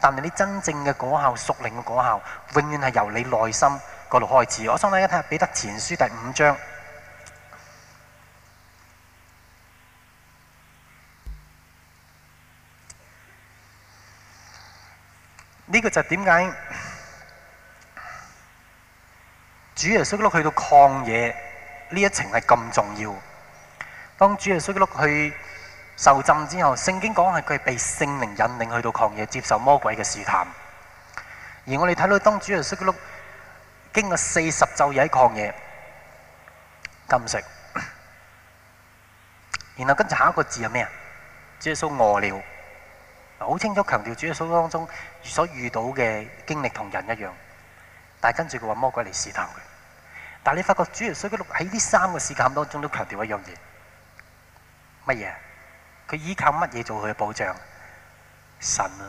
但係你真正嘅果效，屬靈嘅果效，永遠係由你內心嗰度開始。我想問一睇下《彼得前書》第五章。呢個就點解主耶穌基督去到曠野呢一程係咁重要？當主耶穌基督去受浸之後，聖經講係佢被聖靈引領去到曠野接受魔鬼嘅試探。而我哋睇到當主耶穌基督經過四十晝夜喺曠野禁食，然後跟住下一個字係咩啊？耶穌餓了。好清楚強調主耶穌當中所遇到嘅經歷同人一樣，但係跟住佢話魔鬼嚟試探佢。但係你發覺主耶穌喺呢三個事件當中都強調一樣嘢，乜嘢？佢依靠乜嘢做佢嘅保障？神啊！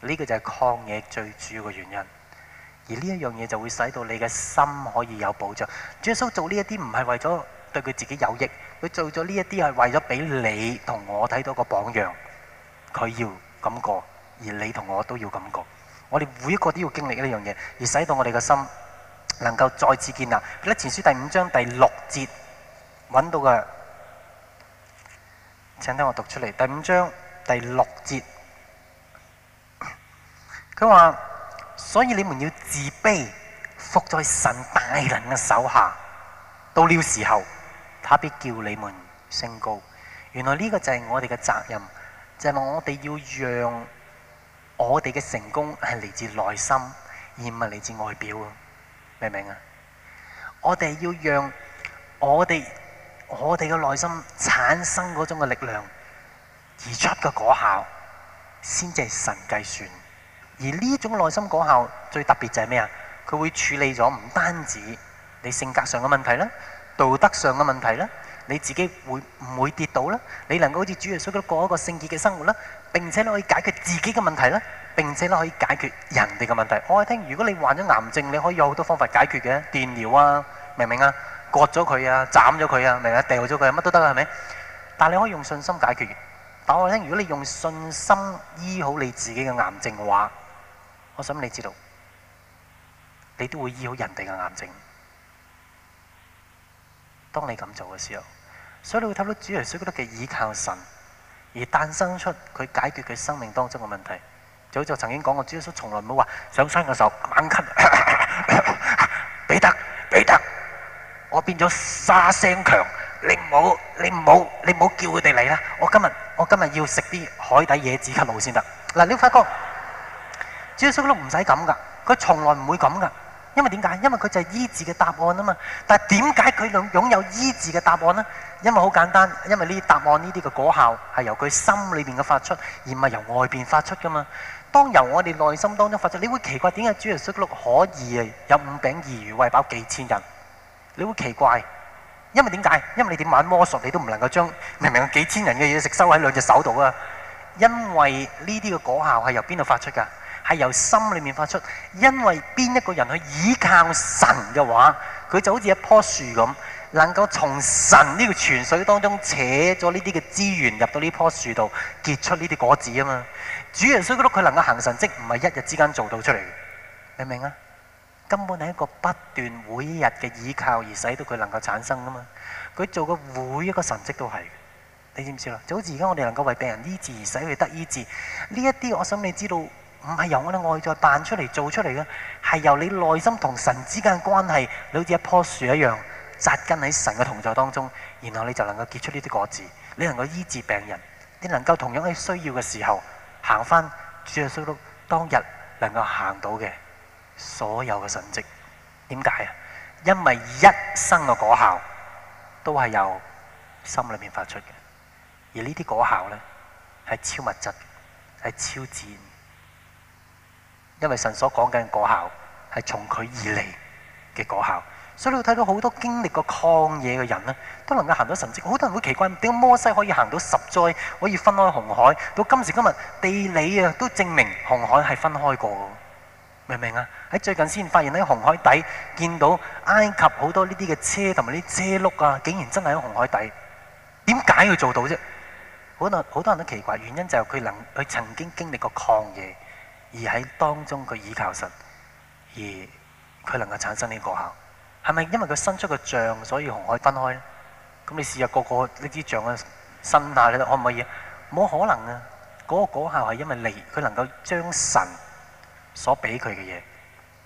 呢、這個就係抗逆最主要嘅原因。而呢一樣嘢就會使到你嘅心可以有保障。主耶穌做呢一啲唔係為咗對佢自己有益，佢做咗呢一啲係為咗俾你同我睇到個榜樣。佢要。感覺，而你同我都要感覺，我哋每一個都要經歷呢樣嘢，而使到我哋嘅心能夠再次建立。呢前書第五章第六節揾到嘅，請聽我讀出嚟。第五章第六節，佢話：所以你們要自卑，伏在神大能嘅手下。到了時候，他必叫你們升高。原來呢個就係我哋嘅責任。就係我哋要讓我哋嘅成功係嚟自內心，而唔係嚟自外表，明唔明啊？我哋要讓我哋我哋嘅內心產生嗰種嘅力量而出嘅果效，先至係神計算。而呢種內心果效最特別就係咩啊？佢會處理咗唔單止你性格上嘅問題啦，道德上嘅問題啦。你自己會唔會跌倒咧？你能夠好似主耶穌咁過一個聖潔嘅生活咧？並且你可以解決自己嘅問題咧？並且你可以解決人哋嘅問題？我聽，如果你患咗癌症，你可以有好多方法解決嘅，電療啊，明唔明啊？割咗佢啊，斬咗佢啊，明啊？掉咗佢乜都得啦，係咪？但係你可以用信心解決嘅。但我聽，如果你用信心醫好你自己嘅癌症嘅話，我想你知道，你都會醫好人哋嘅癌症。當你咁做嘅時候。所以你會睇到主耶穌都係倚靠神而誕生，出佢解決佢生命當中嘅問題。早就曾經講過，主耶穌從來冇話想伸嘅時候猛咳，彼得彼得，我變咗沙聲強，你唔好你唔好你唔好叫佢哋嚟啦！我今日我今日要食啲海底椰止咳露先得。嗱，你發覺主耶穌都唔使咁㗎，佢從來唔會咁㗎。因為點解？因為佢就係醫治嘅答案啊嘛。但係點解佢擁擁有醫治嘅答案呢？因為好簡單，因為呢啲答案、呢啲嘅果效係由佢心裏邊嘅發出，而唔係由外邊發出㗎嘛。當由我哋內心當中發出，你會奇怪點解主耶穌可以有五餅二魚餵飽幾千人？你會奇怪，因為點解？因為你點玩魔術，你都唔能夠將明明有幾千人嘅嘢食收喺兩隻手度啊！因為呢啲嘅果效係由邊度發出㗎？係由心裏面發出，因為邊一個人去倚靠神嘅話，佢就好似一棵樹咁。能夠從神呢個泉水當中扯咗呢啲嘅資源入到呢棵樹度，結出呢啲果子啊嘛！主耶穌嗰度佢能夠行神蹟，唔係一日之間做到出嚟，明唔明啊？根本係一個不斷每日嘅倚靠而使到佢能夠產生噶嘛。佢做嘅每一個神蹟都係，你知唔知啦？就好似而家我哋能夠為病人醫治而使佢得醫治，呢一啲我想你知道，唔係由我哋外在扮出嚟做出嚟嘅，係由你內心同神之間嘅關係，你好似一棵樹一樣。紮根喺神嘅同在當中，然後你就能夠結出呢啲果子，你能夠醫治病人，你能夠同樣喺需要嘅時候行翻主耶穌當日能夠行到嘅所有嘅神蹟。點解啊？因為一生嘅果效都係由心裏面發出嘅，而呢啲果效呢係超物質，係超自然。因為神所講緊嘅果效係從佢而嚟嘅果效。所以你睇到好多經歷過曠野嘅人呢，都能夠行到神蹟。好多人會奇怪，點解摩西可以行到十災，可以分開紅海？到今時今日，地理啊都證明紅海係分開過，明唔明啊？喺最近先發現喺紅海底見到埃及好多呢啲嘅車同埋啲車轆啊，竟然真係喺紅海底。點解佢做到啫？好多好多人都奇怪，原因就係佢能佢曾經經歷過曠野，而喺當中佢倚靠神，而佢能夠產生呢個效。係咪因為佢伸出個杖，所以紅海分開咧？咁你試下個個呢啲杖啊，伸下咧，可唔可以啊？冇可能啊！嗰、那個果效係因為你，佢能夠將神所俾佢嘅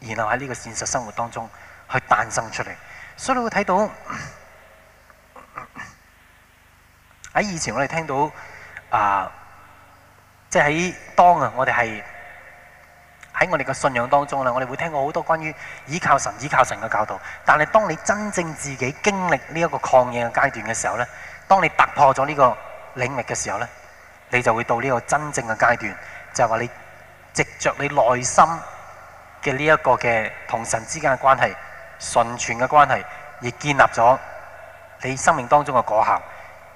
嘢，然後喺呢個現實生活當中去誕生出嚟。所以你會睇到喺以前我哋聽到啊，即係喺當啊，我哋係。喺我哋嘅信仰當中啦，我哋會聽過好多關於倚靠神、倚靠神嘅教導。但係當你真正自己經歷呢一個抗逆嘅階段嘅時候咧，當你突破咗呢個領域嘅時候咧，你就會到呢個真正嘅階段，就係話你藉著你內心嘅呢一個嘅同神之間嘅關係，順存嘅關係，而建立咗你生命當中嘅果效，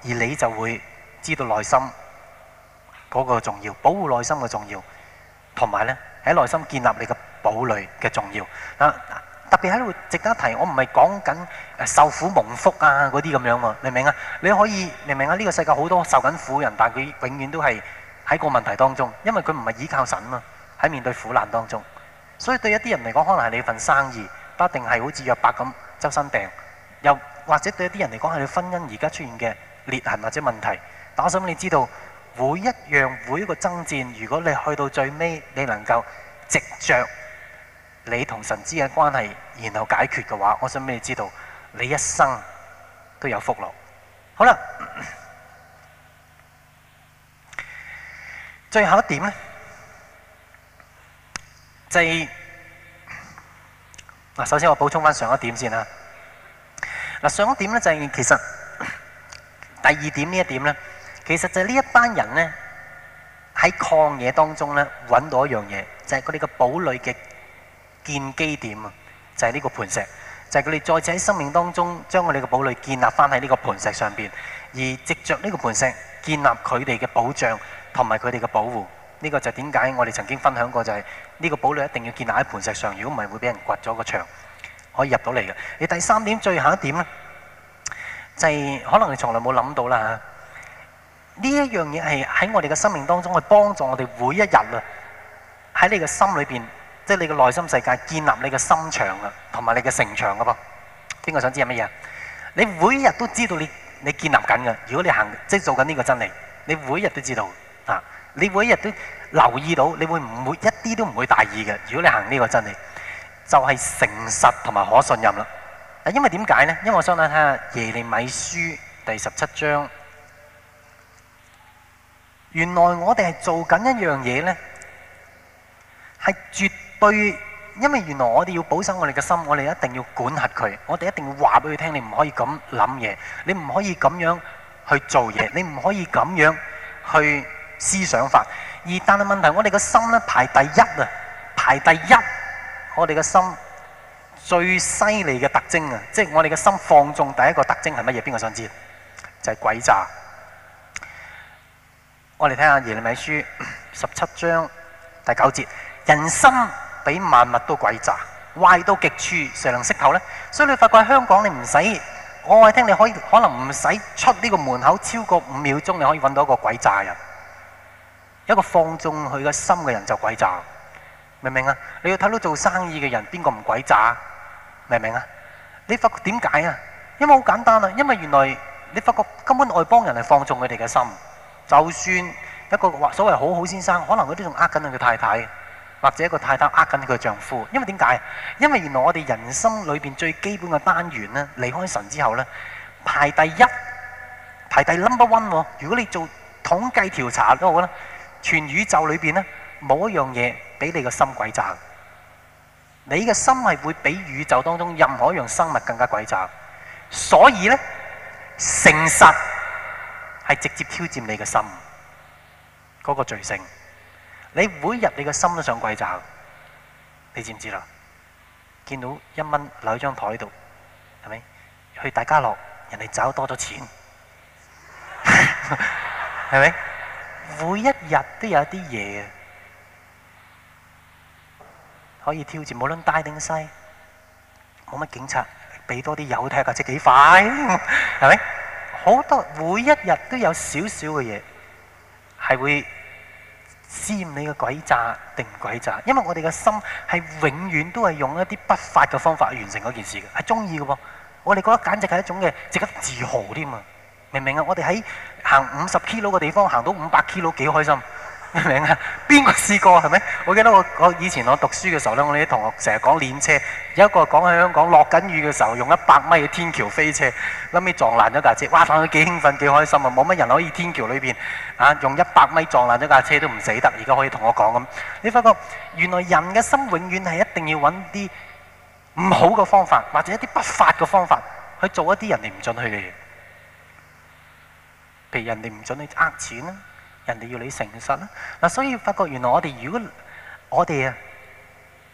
而你就會知道內心嗰個重要，保護內心嘅重要，同埋咧。喺內心建立你嘅堡壘嘅重要啊！特別喺度值得一提，我唔係講緊受苦蒙福啊嗰啲咁樣喎，明唔明啊？你可以明唔明啊？呢個世界好多受緊苦人，但佢永遠都係喺個問題當中，因為佢唔係依靠神啊嘛，喺面對苦難當中，所以對一啲人嚟講，可能係你份生意不一定係好似約伯咁周身病，又或者對一啲人嚟講係你婚姻而家出現嘅裂痕或者問題，但我想你知道。每一樣，每一個爭戰，如果你去到最尾，你能夠藉着你同神之間關係，然後解決嘅話，我想俾你知道，你一生都有福樂。好啦，最後一點咧，就係、是、嗱，首先我補充翻上一點先啦。嗱，上一點咧就係、是、其實第二點呢一點咧。其實就係呢一班人呢，喺曠野當中呢，揾到一樣嘢，就係佢哋個堡壘嘅建基點啊！就係、是、呢個磐石，就係佢哋再次喺生命當中將我哋個堡壘建立翻喺呢個磐石上邊，而藉着呢個磐石建立佢哋嘅保障同埋佢哋嘅保護。呢、這個就點解我哋曾經分享過就係、是、呢、這個堡壘一定要建立喺磐石上，如果唔係會俾人掘咗個牆可以入到嚟嘅。你第三點最後一點咧，就係、是、可能你從來冇諗到啦嚇。呢一樣嘢係喺我哋嘅生命當中去幫助我哋每一日啊！喺、就是、你嘅心裏邊，即係你嘅內心世界，建立你嘅心牆啊，同埋你嘅城牆嘅噃。邊個想知係乜嘢？你每日都知道你你建立緊嘅。如果你行即係、就是、做緊呢個真理，你每日都知道啊！你每一日都留意到，你會唔會一啲都唔會大意嘅？如果你行呢個真理，就係、是、誠實同埋可信任啦。因為點解咧？因為我想睇下耶利米書第十七章。原來我哋係做緊一樣嘢咧，係絕對，因為原來我哋要保守我哋嘅心，我哋一定要管轄佢，我哋一定要話俾佢聽，你唔可以咁諗嘢，你唔可以咁樣去做嘢，你唔可以咁樣去思想法。而但係問題是，我哋嘅心咧排第一啊，排第一，我哋嘅心最犀利嘅特徵啊，即係我哋嘅心放縱第一個特徵係乜嘢？邊個想知？就係、是、鬼詐。我哋睇下耶利米書十七章第九節，人心比萬物都詭詐，壞到極處，誰能識透呢？所以你發覺喺香港你，你唔使我話你聽，你可以可能唔使出呢個門口超過五秒鐘，你可以揾到一個詭詐人，一個放縱佢個心嘅人就詭詐，明唔明啊？你要睇到做生意嘅人，邊個唔詭詐？明唔明啊？你發覺點解啊？因為好簡單啊，因為原來你發覺根本外邦人係放縱佢哋嘅心。就算一個話所謂好好先生，可能佢都仲呃緊佢太太，或者一個太太呃緊佢嘅丈夫。因為點解？因為原來我哋人生裏邊最基本嘅單元咧，離開神之後咧，排第一，排第 number one。如果你做統計調查都好啦，我覺得全宇宙裏邊咧，冇一樣嘢比你個心詭詐。你嘅心係會比宇宙當中任何一樣生物更加詭詐。所以咧，誠實。係直接挑戰你嘅心，嗰個罪性，你每日你嘅心都想貴找，你知唔知啦？見到一蚊留喺張台度，係咪去大家樂人哋找多咗錢，係 咪？每一日都有一啲嘢可以挑戰，無論大定細，冇乜警察，俾多啲油踢或者幾快，係咪？好多每一日都有少少嘅嘢，係會，佔你嘅鬼詐定唔鬼詐，因為我哋嘅心係永遠都係用一啲不法嘅方法去完成嗰件事嘅，係中意嘅喎。我哋覺得簡直係一種嘅值得自豪添啊！明唔明啊？我哋喺行五十 kilo 嘅地方，行到五百 kilo 幾開心。名啊？邊個 試過係咪？我記得我我以前我讀書嘅時候咧，我啲同學成日講練車，有一個講喺香港落緊雨嘅時候，用一百米嘅天橋飛車，後尾撞爛咗架車，哇！返去幾興奮，幾開心啊！冇乜人可以天橋裏邊啊，用一百米撞爛咗架車都唔死得。而家可以同我講咁，你發覺原來人嘅心永遠係一定要揾啲唔好嘅方法，或者一啲不法嘅方法去做一啲人哋唔准去嘅嘢。譬如人哋唔准你呃錢啊。人哋要你誠實啦，嗱，所以發覺原來我哋如果我哋啊，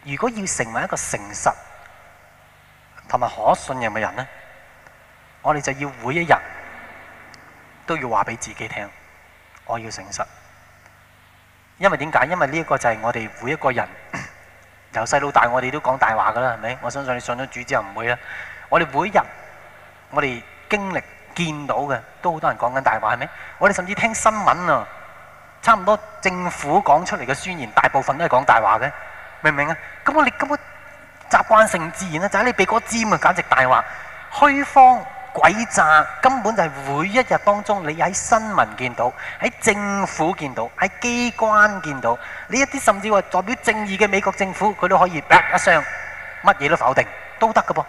如果要成為一個誠實同埋可信任嘅人咧，我哋就要每一日都要話俾自己聽，我要誠實。因為點解？因為呢一個就係我哋每一個人由細到大，我哋都講大話㗎喇，係咪？我相信你上咗主之後唔會啦。我哋每一日，我哋經歷見到嘅都好多人講緊大話，係咪？我哋甚至聽新聞啊～差唔多政府講出嚟嘅宣言，大部分都係講大話嘅，明唔明啊？咁我哋根本習慣成自然啦，就係、是、你鼻哥尖啊，簡直大話、虛謊、鬼詐，根本就係每一日當中你喺新聞見到、喺政府見到、喺機關見到，你一啲甚至話代表正義嘅美國政府，佢都可以啪一聲，乜嘢都否定都得嘅噃。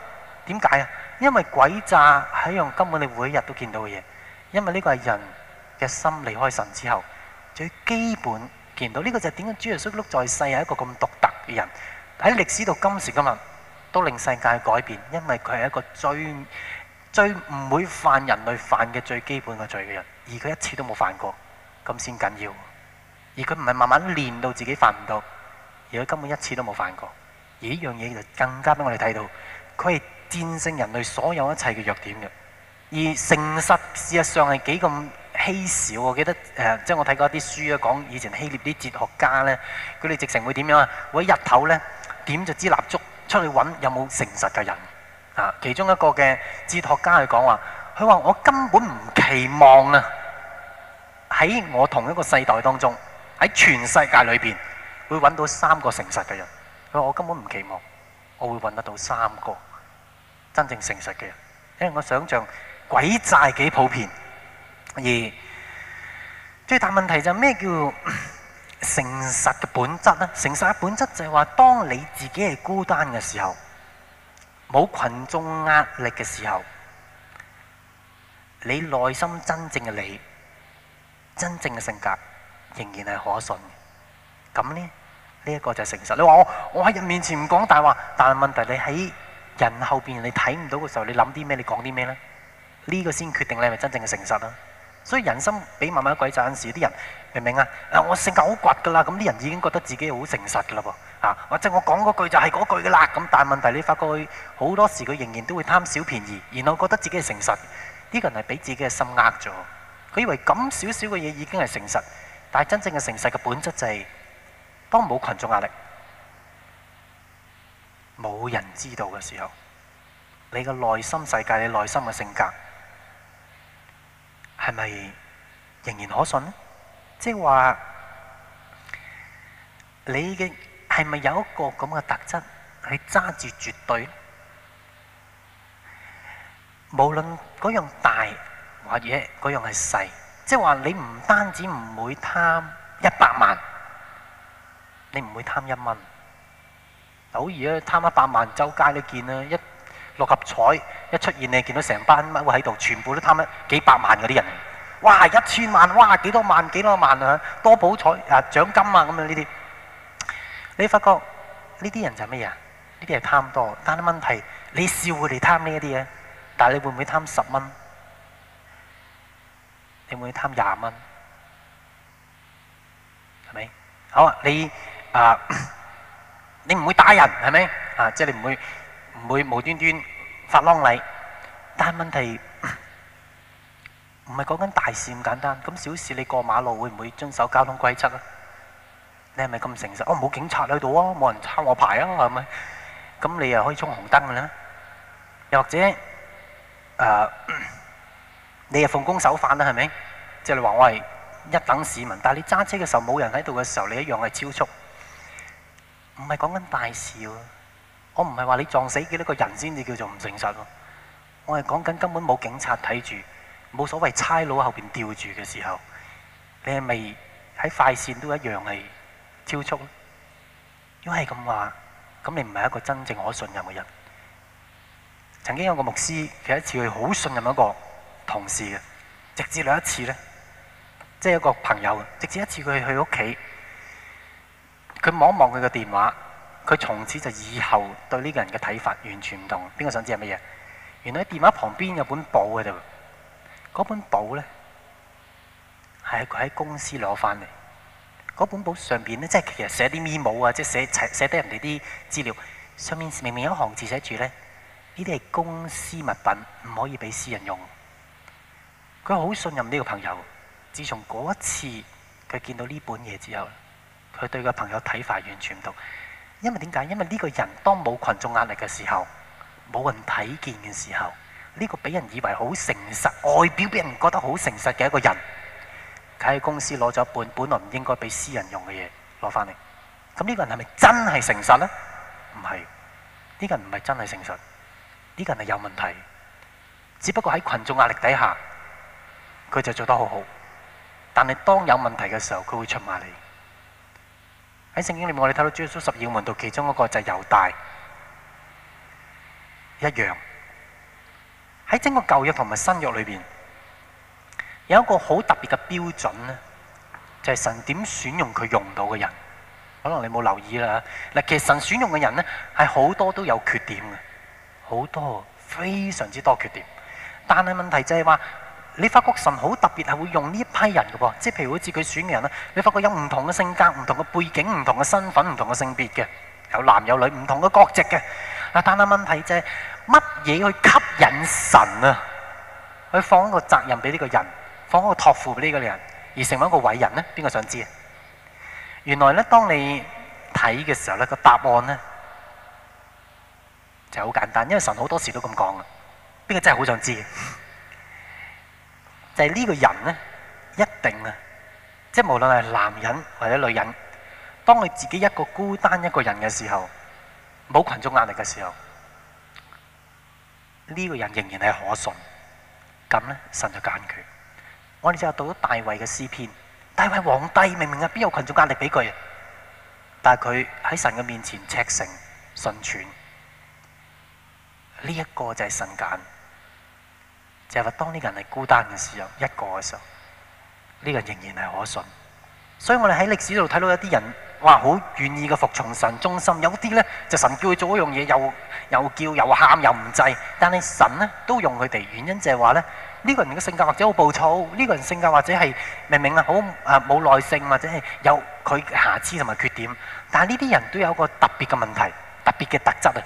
點解啊？因為鬼詐係用根本你每一日都見到嘅嘢，因為呢個係人嘅心離開神之後。最基本見到呢個就係點解主耶穌基督在世係一個咁獨特嘅人？喺歷史到今時今日都令世界改變，因為佢係一個最最唔會犯人類犯嘅最基本嘅罪嘅人，而佢一次都冇犯過，咁先緊要。而佢唔係慢慢練到自己犯唔到，而佢根本一次都冇犯過。而呢樣嘢就更加俾我哋睇到，佢係戰勝人類所有一切嘅弱點嘅。而誠實事實上係幾咁？稀少，我記得誒、呃，即係我睇過一啲書啊，講以前希臘啲哲學家咧，佢哋直情會點樣啊？會喺日頭咧點就支蠟燭出去揾有冇誠實嘅人啊！其中一個嘅哲學家去講話，佢話我根本唔期望啊！喺我同一個世代當中，喺全世界裏邊會揾到三個誠實嘅人。佢話我根本唔期望我會揾得到三個真正誠實嘅人，因為我想象鬼債幾普遍。而最大問題就係咩叫誠實嘅本質咧？誠實嘅本質就係話，當你自己係孤單嘅時候，冇群眾壓力嘅時候，你內心真正嘅你，真正嘅性格，仍然係可信嘅。咁呢，呢、這、一個就係誠實。你話我我喺人面前唔講大話，但係問題你喺人後邊，你睇唔到嘅時候，你諗啲咩？你講啲咩呢？呢、這個先決定你係咪真正嘅誠實啦。所以人心比萬物詭詐，時啲人明唔明啊？啊，我性格好倔㗎喇，咁啲人已經覺得自己好誠實㗎喇喎，嚇、啊、或者我講嗰句就係嗰句㗎喇。咁但係問題，你發覺好多時佢仍然都會貪小便宜，然後覺得自己係誠實。呢、呢個人係俾自己嘅心呃咗，佢以為咁少少嘅嘢已經係誠實，但係真正嘅誠實嘅本質就係、係、當冇群眾壓力、冇人知道嘅時候，你嘅內心世界、你內心嘅性格。係咪仍然可信咧？即係話你嘅係咪有一個咁嘅特質你揸住絕對？無論嗰樣大或者，嗰樣係細，即係話你唔單止唔會貪一百萬，你唔會貪一蚊。偶爾咧貪一百萬，周街都見啦一。六合彩一出現你見到成班踎喺度，全部都貪咗幾百萬嗰啲人，哇一千萬，哇幾多萬，幾多萬啊！多寶彩啊獎金啊咁樣呢啲，你發覺呢啲人就係咩啊？呢啲係貪多，但係問題你笑佢哋貪呢一啲嘢，但係你會唔會貪十蚊？你會唔會貪廿蚊？係咪？好啊，你啊、呃，你唔會打人係咪？啊，即係你唔會。唔會無端端發劏你，但係問題唔係講緊大事咁簡單。咁小事你過馬路會唔會遵守交通規則啊？你係咪咁誠實？哦，冇警察喺度啊，冇人抄我牌啊，係咪？咁你又可以衝紅燈啦。又或者誒，你又奉公守法啦，係咪？即係你話我係一等市民，但係你揸車嘅時候冇人喺度嘅時候，你一樣係超速。唔係講緊大事喎。我唔係話你撞死幾多個人先至叫做唔誠實咯，我係講緊根本冇警察睇住，冇所謂差佬後邊吊住嘅時候，你係咪喺快線都一樣係超速？如果係咁話，咁你唔係一個真正可信任嘅人。曾經有個牧師，佢一次佢好信任一個同事嘅，直至有一次呢，即係一個朋友，直至一次佢去屋企，佢望一望佢嘅電話。佢從此就以後對呢個人嘅睇法完全唔同。邊個想知係乜嘢？原來喺電話旁邊有本簿喺度。嗰本簿咧係佢喺公司攞翻嚟。嗰本簿上邊咧，即係其實寫啲咪 e m 啊，即係寫寫低人哋啲資料。上面明明有一行字寫住咧，呢啲係公司物品，唔可以俾私人用。佢好信任呢個朋友。自從嗰一次佢見到呢本嘢之後，佢對個朋友睇法完全唔同。因為點解？因為呢個人當冇群眾壓力嘅時候，冇人睇見嘅時候，呢個俾人以為好誠實，外表俾人覺得好誠實嘅一個人，佢喺公司攞咗一半本，本來唔應該俾私人用嘅嘢攞翻嚟，咁呢個人係咪真係誠實咧？唔係，呢個人唔係真係誠實，呢個人係有問題。只不過喺群眾壓力底下，佢就做得好好，但係當有問題嘅時候，佢會出賣你。喺聖經裏面，我哋睇到耶穌十二門徒其中一個就係猶大，一樣喺整個舊約同埋新約裏邊，有一個好特別嘅標準咧，就係、是、神點選用佢用到嘅人？可能你冇留意啦。嗱，其實神選用嘅人咧，係好多都有缺點嘅，好多非常之多缺點。但係問題就係話。你發覺神好特別係會用呢一批人噶噃，即係譬如好似佢選嘅人啦，你發覺有唔同嘅性格、唔同嘅背景、唔同嘅身份、唔同嘅性別嘅，有男有女，唔同嘅國籍嘅。嗱，但啱問題啫、就是，乜嘢去吸引神啊？去放一個責任俾呢個人，放一個託付俾呢個人，而成為一個偉人咧？邊個想知？原來咧，當你睇嘅時候咧，個答案咧就係、是、好簡單，因為神好多時都咁講啊。邊個真係好想知？就係呢個人咧，一定啊，即係無論係男人或者女人，當佢自己一個孤單一個人嘅時候，冇群眾壓力嘅時候，呢、這個人仍然係可信。咁咧，神就揀佢。我哋就到咗大衛嘅詩篇，大衛皇帝，明明啊？邊有群眾壓力畀佢？但係佢喺神嘅面前赤誠順從，呢、這、一個就係神揀。就係話，當呢個人係孤單嘅時候，一個嘅時候，呢個人仍然係可信。所以我哋喺歷史度睇到有啲人，哇，好願意嘅服從神忠心；有啲咧，就神叫佢做嗰樣嘢，又又叫又喊又唔制。但係神咧都用佢哋，原因就係話咧，呢個人嘅性格或者好暴躁，呢個人性格或者係明明啊？好啊，冇耐性或者係有佢瑕疵同埋缺點。但係呢啲人都有一個特別嘅問題、特別嘅特質啊，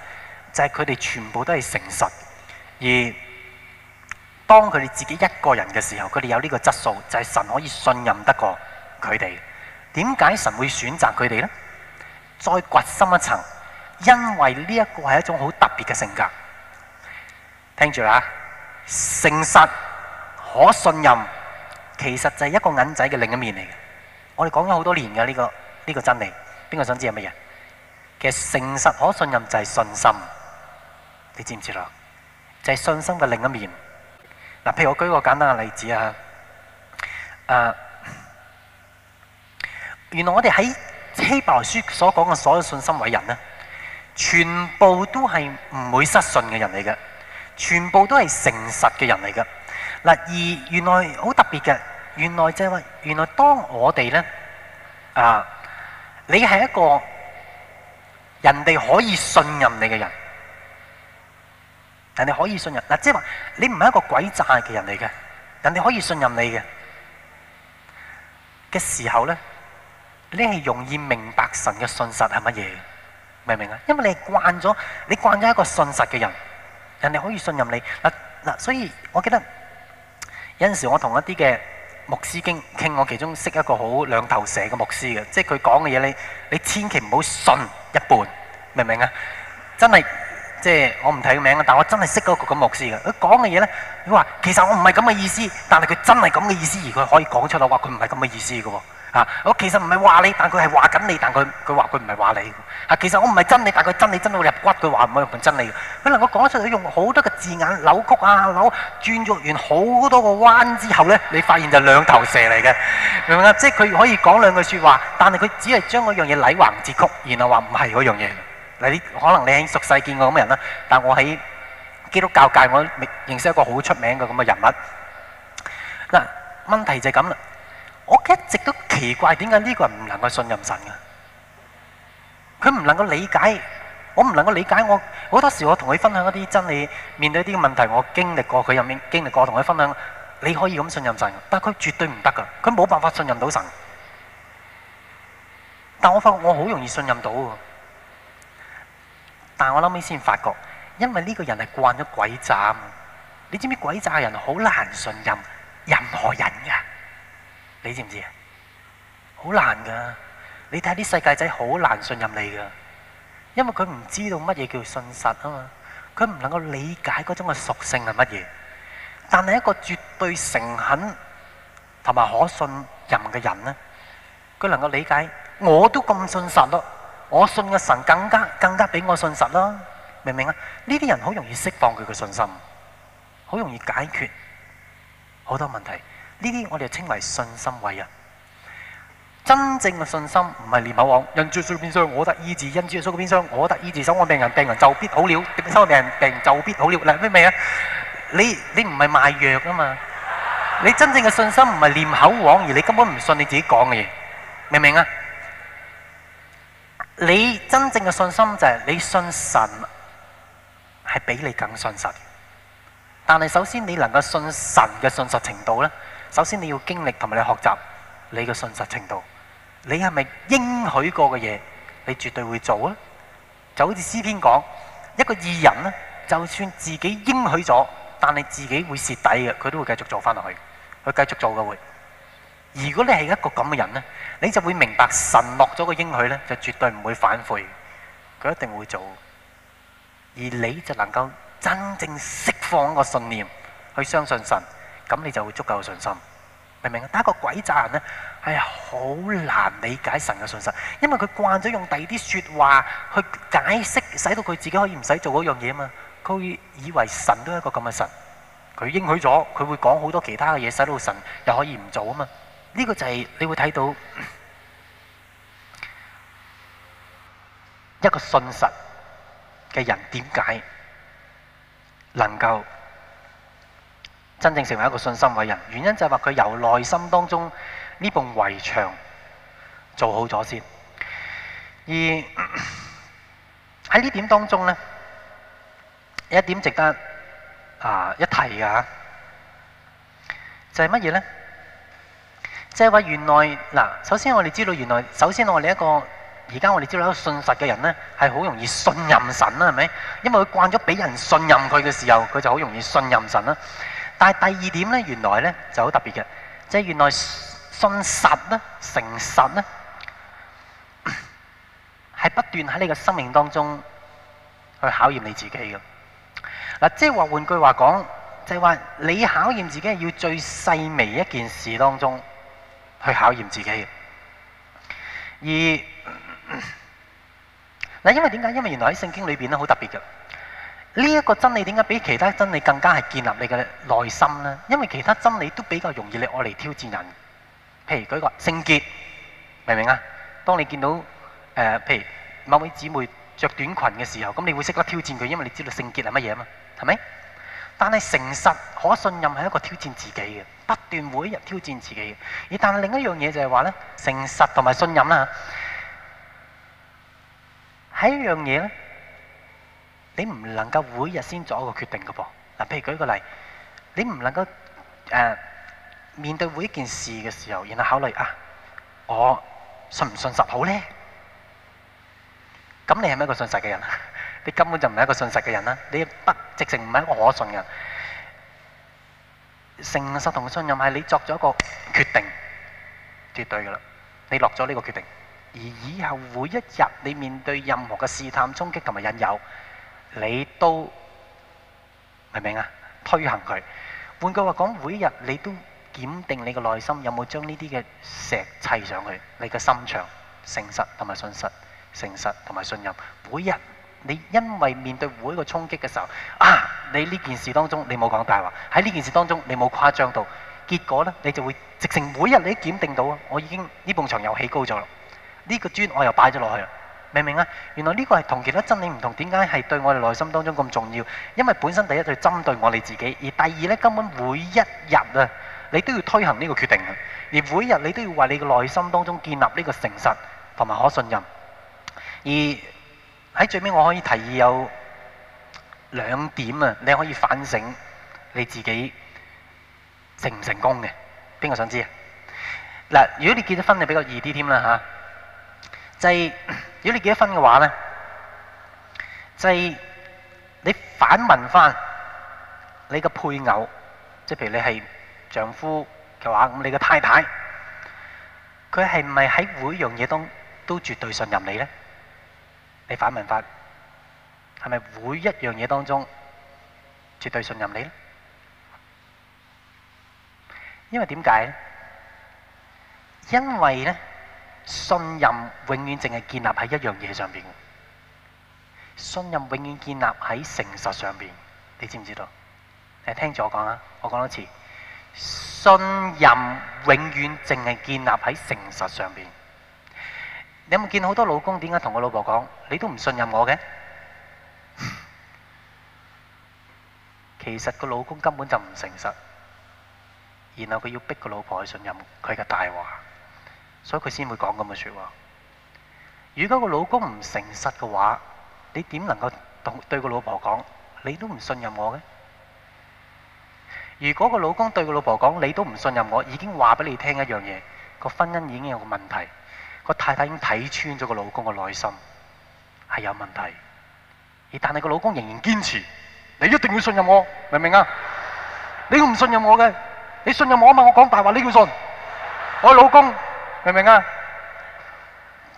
就係佢哋全部都係誠實而。當佢哋自己一個人嘅時候，佢哋有呢個質素，就係神可以信任得過佢哋。點解神會選擇佢哋呢？再掘深一層，因為呢一個係一種好特別嘅性格。聽住啦，誠實可信任，其實就係一個銀仔嘅另一面嚟嘅。我哋講咗好多年嘅呢個呢個真理，邊個想知係乜嘢？其實誠實可信任就係信心，你知唔知啦？就係信心嘅另一面。嗱，譬如我舉一個簡單嘅例子啊，誒，原來我哋喺希伯來書所講嘅所有信心偉人呢，全部都係唔會失信嘅人嚟嘅，全部都係誠實嘅人嚟嘅。嗱、啊，而原來好特別嘅，原來就係、是、原來當我哋呢，啊，你係一個人哋可以信任你嘅人。人哋可以信任。嗱，即係話你唔係一個鬼詐嘅人嚟嘅，人哋可以信任你嘅嘅時候咧，你係容易明白神嘅信實係乜嘢，明唔明啊？因為你係慣咗，你慣咗一個信實嘅人，人哋可以信任你嗱。嗱，所以我記得有陣時我同一啲嘅牧師傾，傾我其中識一個好兩頭蛇嘅牧師嘅，即係佢講嘅嘢，你你千祈唔好信一半，明唔明啊？真係。即係我唔睇名啦，但我真係識嗰個咁牧師嘅。佢講嘅嘢咧，佢話其實我唔係咁嘅意思，但係佢真係咁嘅意思，而佢可以講出嚟話佢唔係咁嘅意思嘅喎、啊。我其實唔係話你，但佢係話緊你。但佢佢話佢唔係話你、啊。其實我唔係真理，但佢真，真理真到入骨，佢話唔係咁真理。佢能夠講出嚟用好多個字眼扭曲啊，扭轉咗完好多個彎之後咧，你發現就兩頭蛇嚟嘅、啊，明唔明啊？即係佢可以講兩句説話，但係佢只係將嗰樣嘢嚟橫折曲，然後話唔係嗰樣嘢。嗱，你可能你喺熟世見過咁嘅人啦，但我喺基督教界，我認識一個好出名嘅咁嘅人物。嗱，問題就係咁啦，我一直都奇怪點解呢個人唔能夠信任神嘅？佢唔能夠理解，我唔能夠理解。我好多時我同佢分享一啲真理，面對一啲問題，我經歷過，佢又面經歷過，同佢分享，你可以咁信任神，但佢絕對唔得噶，佢冇辦法信任到神。但我發覺我好容易信任到喎。但我後尾先發覺，因為呢個人係慣咗鬼詐，你知唔知鬼詐人好難信任任何人噶你知唔知啊？好難噶你睇下啲世界仔好難信任你噶因為佢唔知道乜嘢叫信實啊嘛，佢唔能夠理解嗰種嘅屬性係乜嘢，但係一個絕對誠懇同埋可信任嘅人咧，佢能夠理解，我都咁信實咯。我信嘅神更加更加俾我信實啦，明唔明啊？呢啲人好容易釋放佢嘅信心，好容易解決好多問題。呢啲我哋就稱為信心偉人。真正嘅信心唔係念口往，因祂受嘅鞭傷，我得醫治；因祂受嘅鞭傷，我得醫治。手按病人，病人就必好了，接收病人，病人就必好了。明唔明啊？你你唔係賣藥㗎嘛？你真正嘅信心唔係念口往，而你根本唔信你自己講嘅嘢，明唔明啊？你真正嘅信心就係你信神係比你更信實，但係首先你能夠信神嘅信實程度呢？首先你要經歷同埋你學習你嘅信實程度，你係咪應許過嘅嘢，你絕對會做啊！就好似詩篇講，一個義人咧，就算自己應許咗，但係自己會蝕底嘅，佢都會繼續做翻落去，佢繼續做嘅會。如果你係一個咁嘅人呢，你就會明白神落咗個應許呢，就絕對唔會反悔，佢一定會做。而你就能夠真正釋放個信念，去相信神，咁你就會足夠信心。明唔明啊？但係一個詭詐人呢，係好難理解神嘅信心，因為佢慣咗用第二啲説話去解釋，使到佢自己可以唔使做嗰樣嘢啊嘛。佢以為神都係一個咁嘅神，佢應許咗，佢會講好多其他嘅嘢，使到神又可以唔做啊嘛。呢個就係你會睇到一個信實嘅人點解能夠真正成為一個信心嘅人。原因就係話佢由內心當中呢埲圍牆做好咗先。而喺呢點當中咧，有一點值得啊一提嘅，就係乜嘢咧？即係話原來嗱，首先我哋知道原來，首先我哋一個而家我哋知道一個信實嘅人咧，係好容易信任神啦，係咪？因為佢慣咗俾人信任佢嘅時候，佢就好容易信任神啦。但係第二點咧，原來咧就好特別嘅，即係原來信實咧、誠實咧，係不斷喺你嘅生命當中去考驗你自己嘅。嗱，即係話換句話講，就係話你考驗自己係要最細微一件事當中。去考驗自己，而嗱，因為點解？因為原來喺聖經裏邊咧，好特別嘅呢一個真理，點解比其他真理更加係建立你嘅內心咧？因為其他真理都比較容易你愛嚟挑戰人，譬如舉個聖潔，明唔明啊？當你見到誒，譬如某位姊妹着短裙嘅時候，咁你會識得挑戰佢，因為你知道聖潔係乜嘢啊嘛，係咪？但係誠實可信任係一個挑戰自己嘅，不斷每日挑戰自己嘅。而但係另一樣嘢就係話咧，誠實同埋信任啦，係一樣嘢咧，你唔能夠每日先做一個決定嘅噃。嗱，譬如舉個例，你唔能夠誒面對每一件事嘅時候，然後考慮啊，我信唔信實好咧？咁你係咪一個信實嘅人啊？你根本就唔係一個信實嘅人啦，你不直情唔係一個可信嘅人。誠實同信任係你作咗一個決定，絕對噶啦。你落咗呢個決定，而以後每一日你面對任何嘅試探、衝擊同埋引誘，你都明唔明啊？推行佢。換句話講，每一日你都檢定你嘅內心有冇將呢啲嘅石砌上去，你嘅心腸誠實同埋信實，誠實同埋信任，每一日。你因為面對每一個衝擊嘅時候，啊！你呢件事當中，你冇講大話；喺呢件事當中，你冇誇張到。結果咧，你就會直情每日你都檢定到，我已經呢埲牆又起高咗啦。呢個磚我又擺咗落去啦，明唔明啊？原來呢個係同其他真理唔同，點解係對我哋內心當中咁重要？因為本身第一就針對我哋自己，而第二咧根本每一日啊，你都要推行呢個決定啊，而每日你都要為你嘅內心當中建立呢個誠實同埋可信任，而。喺最尾我可以提議有兩點啊，你可以反省你自己成唔成功嘅？邊個想知啊？嗱，如果你結咗婚就比較易啲添啦嚇。就係如果你結咗婚嘅話咧，就係你反問翻你個配偶，即係譬如你係丈夫嘅話，咁你嘅太太佢係唔係喺每樣嘢都都絕對信任你咧？你反問法係咪每一樣嘢當中絕對信任你呢？因為點解呢？因為呢，信任永遠淨係建立喺一樣嘢上邊。信任永遠建立喺誠實上邊。你知唔知道？你聽住我講啊！我講多次，信任永遠淨係建立喺誠實上邊。你有冇見好多老公點解同個老婆講你都唔信任我嘅？ 其實個老公根本就唔誠實，然後佢要逼個老婆去信任佢嘅大話，所以佢先會講咁嘅說話。如果個老公唔誠實嘅話，你點能夠同對個老婆講你都唔信任我嘅？如果個老公對個老婆講你都唔信任我，已經話俾你聽一樣嘢，個婚姻已經有個問題。個太太已經睇穿咗個老公嘅內心係有問題，而但係個老公仍然堅持，你一定要信任我，明唔明啊？你要唔信任我嘅，你信任我啊嘛？我講大話，你要信，我係老公，明唔明啊？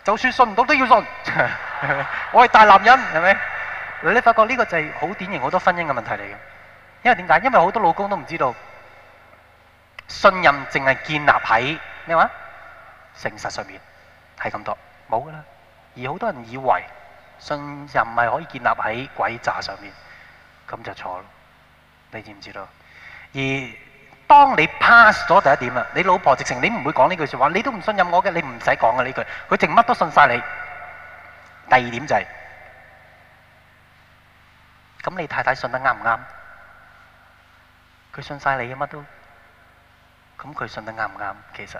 就算信唔到都要信，我係大男人，係咪？你發覺呢個就係好典型好多婚姻嘅問題嚟嘅，因為點解？因為好多老公都唔知道信任淨係建立喺咩話？誠實上面。係咁多，冇噶啦。而好多人以為信任係可以建立喺鬼詐上面，咁就錯咯。你知唔知道？而當你 pass 咗第一點啦，你老婆直情你唔會講呢句說話，你都唔信任我嘅，你唔使講嘅呢句，佢淨乜都信晒你。第二點就係，咁你太太信得啱唔啱？佢信晒你嘅乜都，咁佢信得啱唔啱？其實？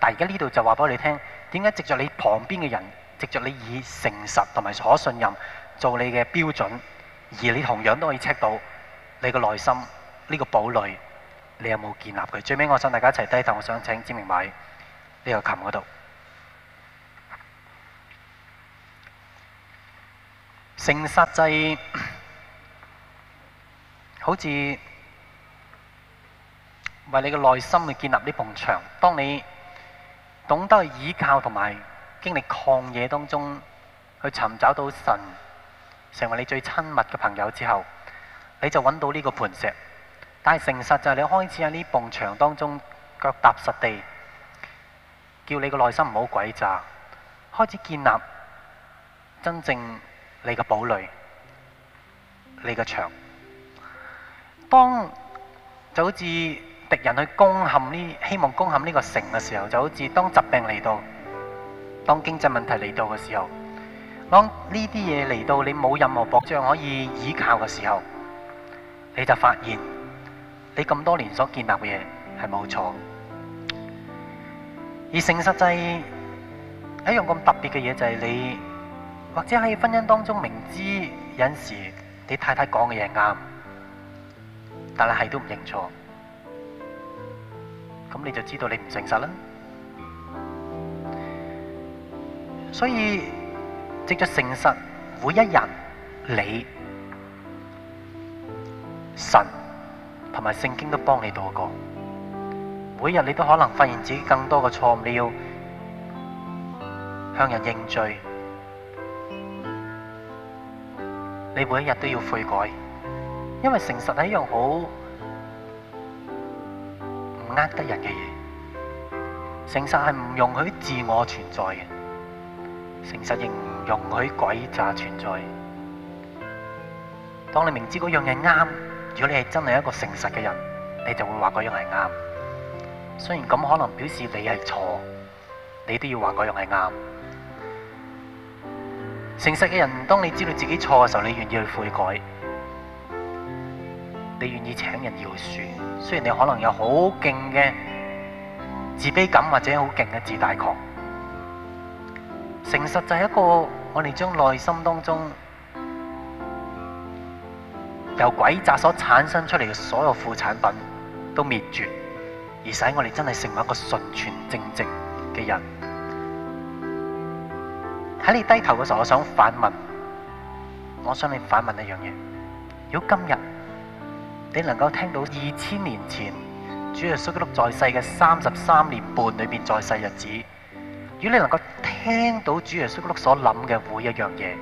但而家呢度就話俾你聽，點解藉着你旁邊嘅人，藉着你以誠實同埋可信任做你嘅標準，而你同樣都可以 check 到你嘅內心呢個堡壘，你有冇建立佢？最尾我想大家一齊低頭，我想請志明偉呢個琴嗰度誠實就係好似為你嘅內心去建立呢埲牆，當你。懂得去倚靠同埋經歷曠野當中，去尋找到神成為你最親密嘅朋友之後，你就揾到呢個磐石。但係誠實就係你開始喺呢埲牆當中腳踏實地，叫你個內心唔好詭詐，開始建立真正你嘅堡壘，你嘅牆。當就好似。敵人去攻陷，呢，希望攻陷呢個城嘅時候，就好似當疾病嚟到，當經濟問題嚟到嘅時候，當呢啲嘢嚟到，你冇任何保障可以依靠嘅時候，你就發現你咁多年所建立嘅嘢係冇錯。而性實際，一樣咁特別嘅嘢就係你，或者喺婚姻當中明知有時你太太講嘅嘢啱，但係係都唔認錯。咁你就知道你唔誠實啦。所以積咗誠實，每一日你神同埋聖經都幫你度過。每一日你都可能發現自己更多嘅錯誤，你要向人認罪。你每一日都要悔改，因為誠實係一樣好。呃，得人嘅嘢，誠實係唔容許自我存在嘅，誠實亦唔容許詭詐存在。當你明知嗰樣嘢啱，如果你係真係一個誠實嘅人，你就會話嗰樣係啱。雖然咁可能表示你係錯，你都要話嗰樣係啱。誠實嘅人，當你知道自己錯嘅時候，你願意去悔改。你願意請人遙説，雖然你可能有好勁嘅自卑感，或者好勁嘅自大狂。誠實就係一個我哋將內心當中由詭詐所產生出嚟嘅所有副產品都滅絕，而使我哋真係成為一個純全正直嘅人。喺你低頭嘅時候，我想反問，我想你反問一樣嘢：如果今日？你能夠聽到二千年前主耶穌基督在世嘅三十三年半裏邊在世日子，如果你能夠聽到主耶穌基督所諗嘅每一樣嘢，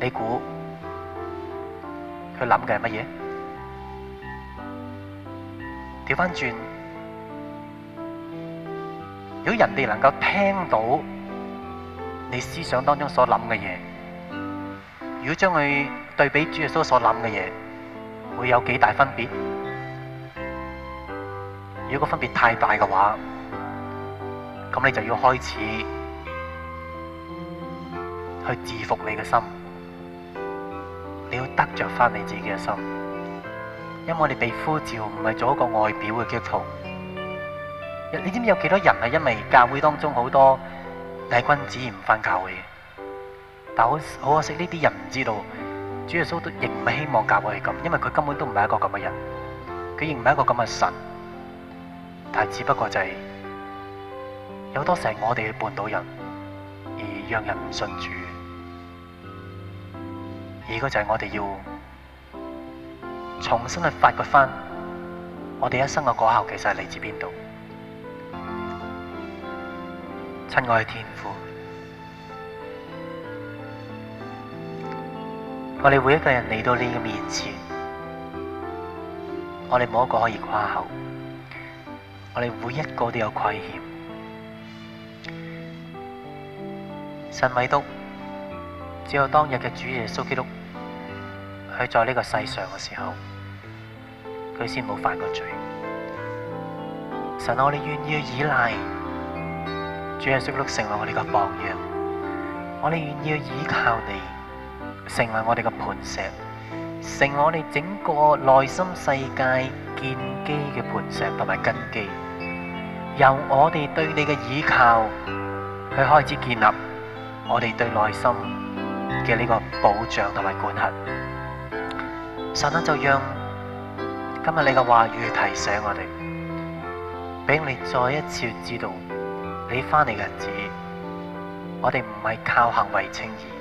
你估佢諗嘅係乜嘢？掉返轉，如果人哋能夠聽到你思想當中所諗嘅嘢。如果將佢對比主耶穌所諗嘅嘢，會有幾大分別？如果個分別太大嘅話，咁你就要開始去自服你嘅心。你要得着翻你自己嘅心，因為我哋被呼召唔係做一個外表嘅基督徒。你知唔知有幾多人係因為教會當中好多偽君子唔返教會？但好，好可惜，呢啲人唔知道，主耶穌都亦唔係希望教我係咁，因為佢根本都唔係一個咁嘅人，佢亦唔係一個咁嘅神。但係只不過就係、是、有多時我哋嘅半島人而讓人唔信主，而嗰就係我哋要重新去發掘翻我哋一生嘅果效，其實係嚟自邊度？親愛嘅天父。我哋每一個人嚟到你嘅面前，我哋冇一個可以誇口，我哋每一個都有虧欠。神未都，只有當日嘅主耶穌基督佢在呢個世上嘅時候，佢先冇犯過罪。神，我哋願意依賴主耶穌基督成為我哋嘅榜樣，我哋願意依靠你。成為我哋嘅磐石，成我哋整個內心世界建基嘅磐石同埋根基，由我哋對你嘅倚靠，去開始建立我哋對內心嘅呢個保障同埋管轄。神啊，就讓今日你嘅話語提醒我哋，俾你再一次知道，你翻嚟嘅日子，我哋唔係靠行為稱義。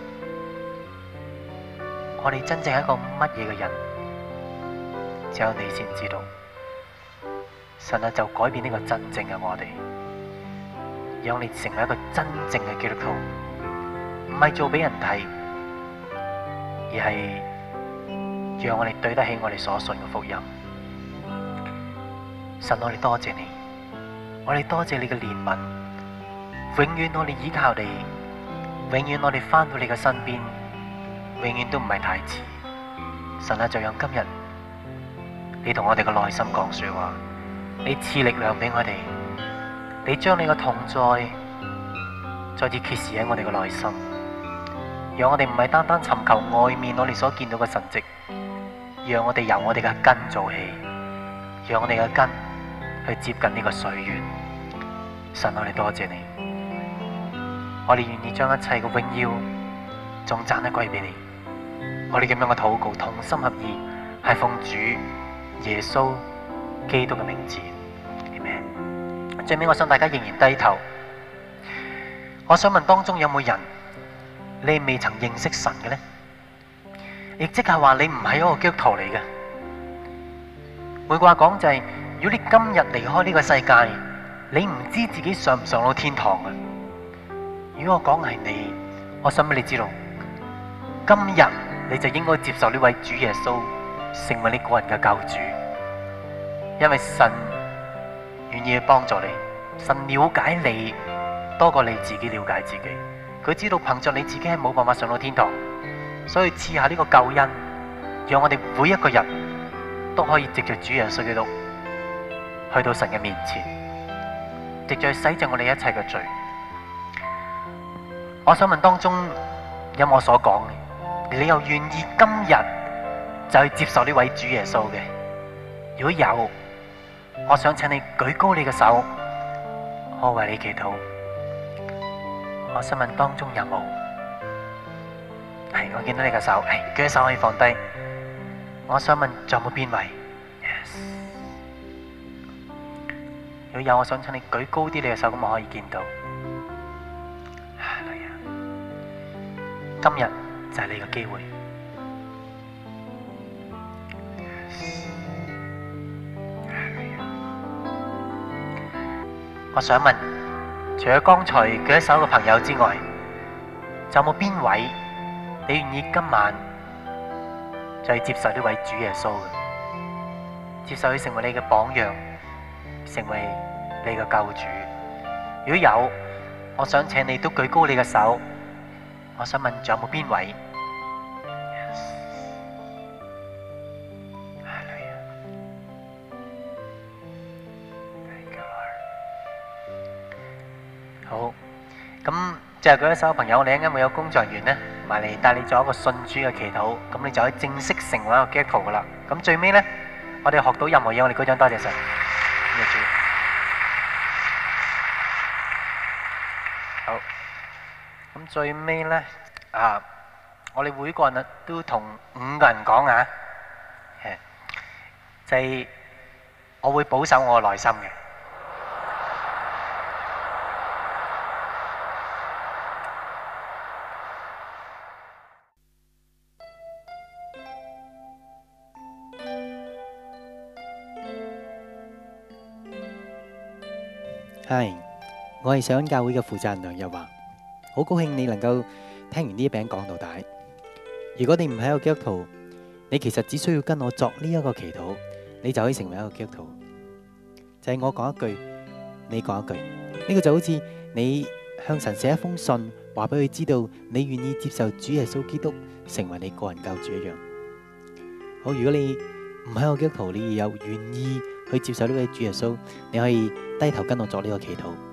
我哋真正係一個乜嘢嘅人，只有你先知道。神啊，就改變呢個真正嘅我哋，讓你成為一個真正嘅基督徒，唔係做俾人睇，而係讓我哋對得起我哋所信嘅福音。神，我哋多謝你，我哋多謝你嘅憐憫，永遠我哋依靠你，永遠我哋翻到你嘅身邊。永遠都唔係太遲，神啊！就用今日你同我哋嘅內心講說話，你賜力量俾我哋，你將你個同在再次揭示喺我哋嘅內心。讓我哋唔係單單尋求外面我哋所見到嘅神蹟，讓我哋由我哋嘅根做起，讓我哋嘅根去接近呢個水源。神啊，我哋多謝你，我哋願意將一切嘅榮耀仲讚得歸俾你。我哋咁樣嘅禱告，同心合意，係奉主耶穌基督嘅名字。啲咩？最尾，我想大家仍然低頭。我想問當中有冇人，你未曾認識神嘅呢？亦即係話你唔係一個基督徒嚟嘅。換句話講就係、是，如果你今日離開呢個世界，你唔知自己上唔上到天堂嘅。如果我講係你，我想俾你知道，今日。你就應該接受呢位主耶穌成為你個人嘅救主，因為神願意幫助你，神了解你多過你自己了解自己，佢知道憑着你自己係冇辦法上到天堂，所以賜下呢個救恩，讓我哋每一個人都可以藉着主耶穌基督去到神嘅面前，藉着洗淨我哋一切嘅罪。我想問當中有冇所講你又願意今日就去接受呢位主耶穌嘅？如果有，我想請你舉高你嘅手，我為你祈禱。我想問當中有冇？係我見到你嘅手，係舉手可以放低。我想問仲有冇邊位？Yes。如果有，我想請你舉高啲你嘅手，咁我可以見到。今日。就係你嘅機會，我想問，除咗剛才舉手嘅朋友之外，仲有冇邊位你願意今晚就去接受呢位主耶穌嘅，接受佢成為你嘅榜樣，成為你嘅救主？如果有，我想請你都舉高你嘅手。我想問，仲有冇邊位？好，咁即係舉一手嘅朋友，我哋應該會有工作人員呢，埋嚟帶你做一個信主嘅祈禱，咁你就可以正式成為一個基督徒噶啦。咁最尾咧，我哋學到任何嘢，我哋舉掌多謝神。好，咁最尾咧啊，我哋每個人都同五個人講啊，就係我會保守我嘅內心嘅。我係上恩教會嘅負責人梁日華，好高興你能夠聽完呢一篇講道。如果你唔係一個基督徒，你其實只需要跟我作呢一個祈禱，你就可以成為一個基督徒。就係我講一句，你講一句，呢個就好似你向神寫一封信，話俾佢知道你願意接受主耶穌基督成為你個人救主一樣。好，如果你唔係一個基督徒，你又願意去接受呢位主耶穌，你可以低頭跟我作呢個祈禱。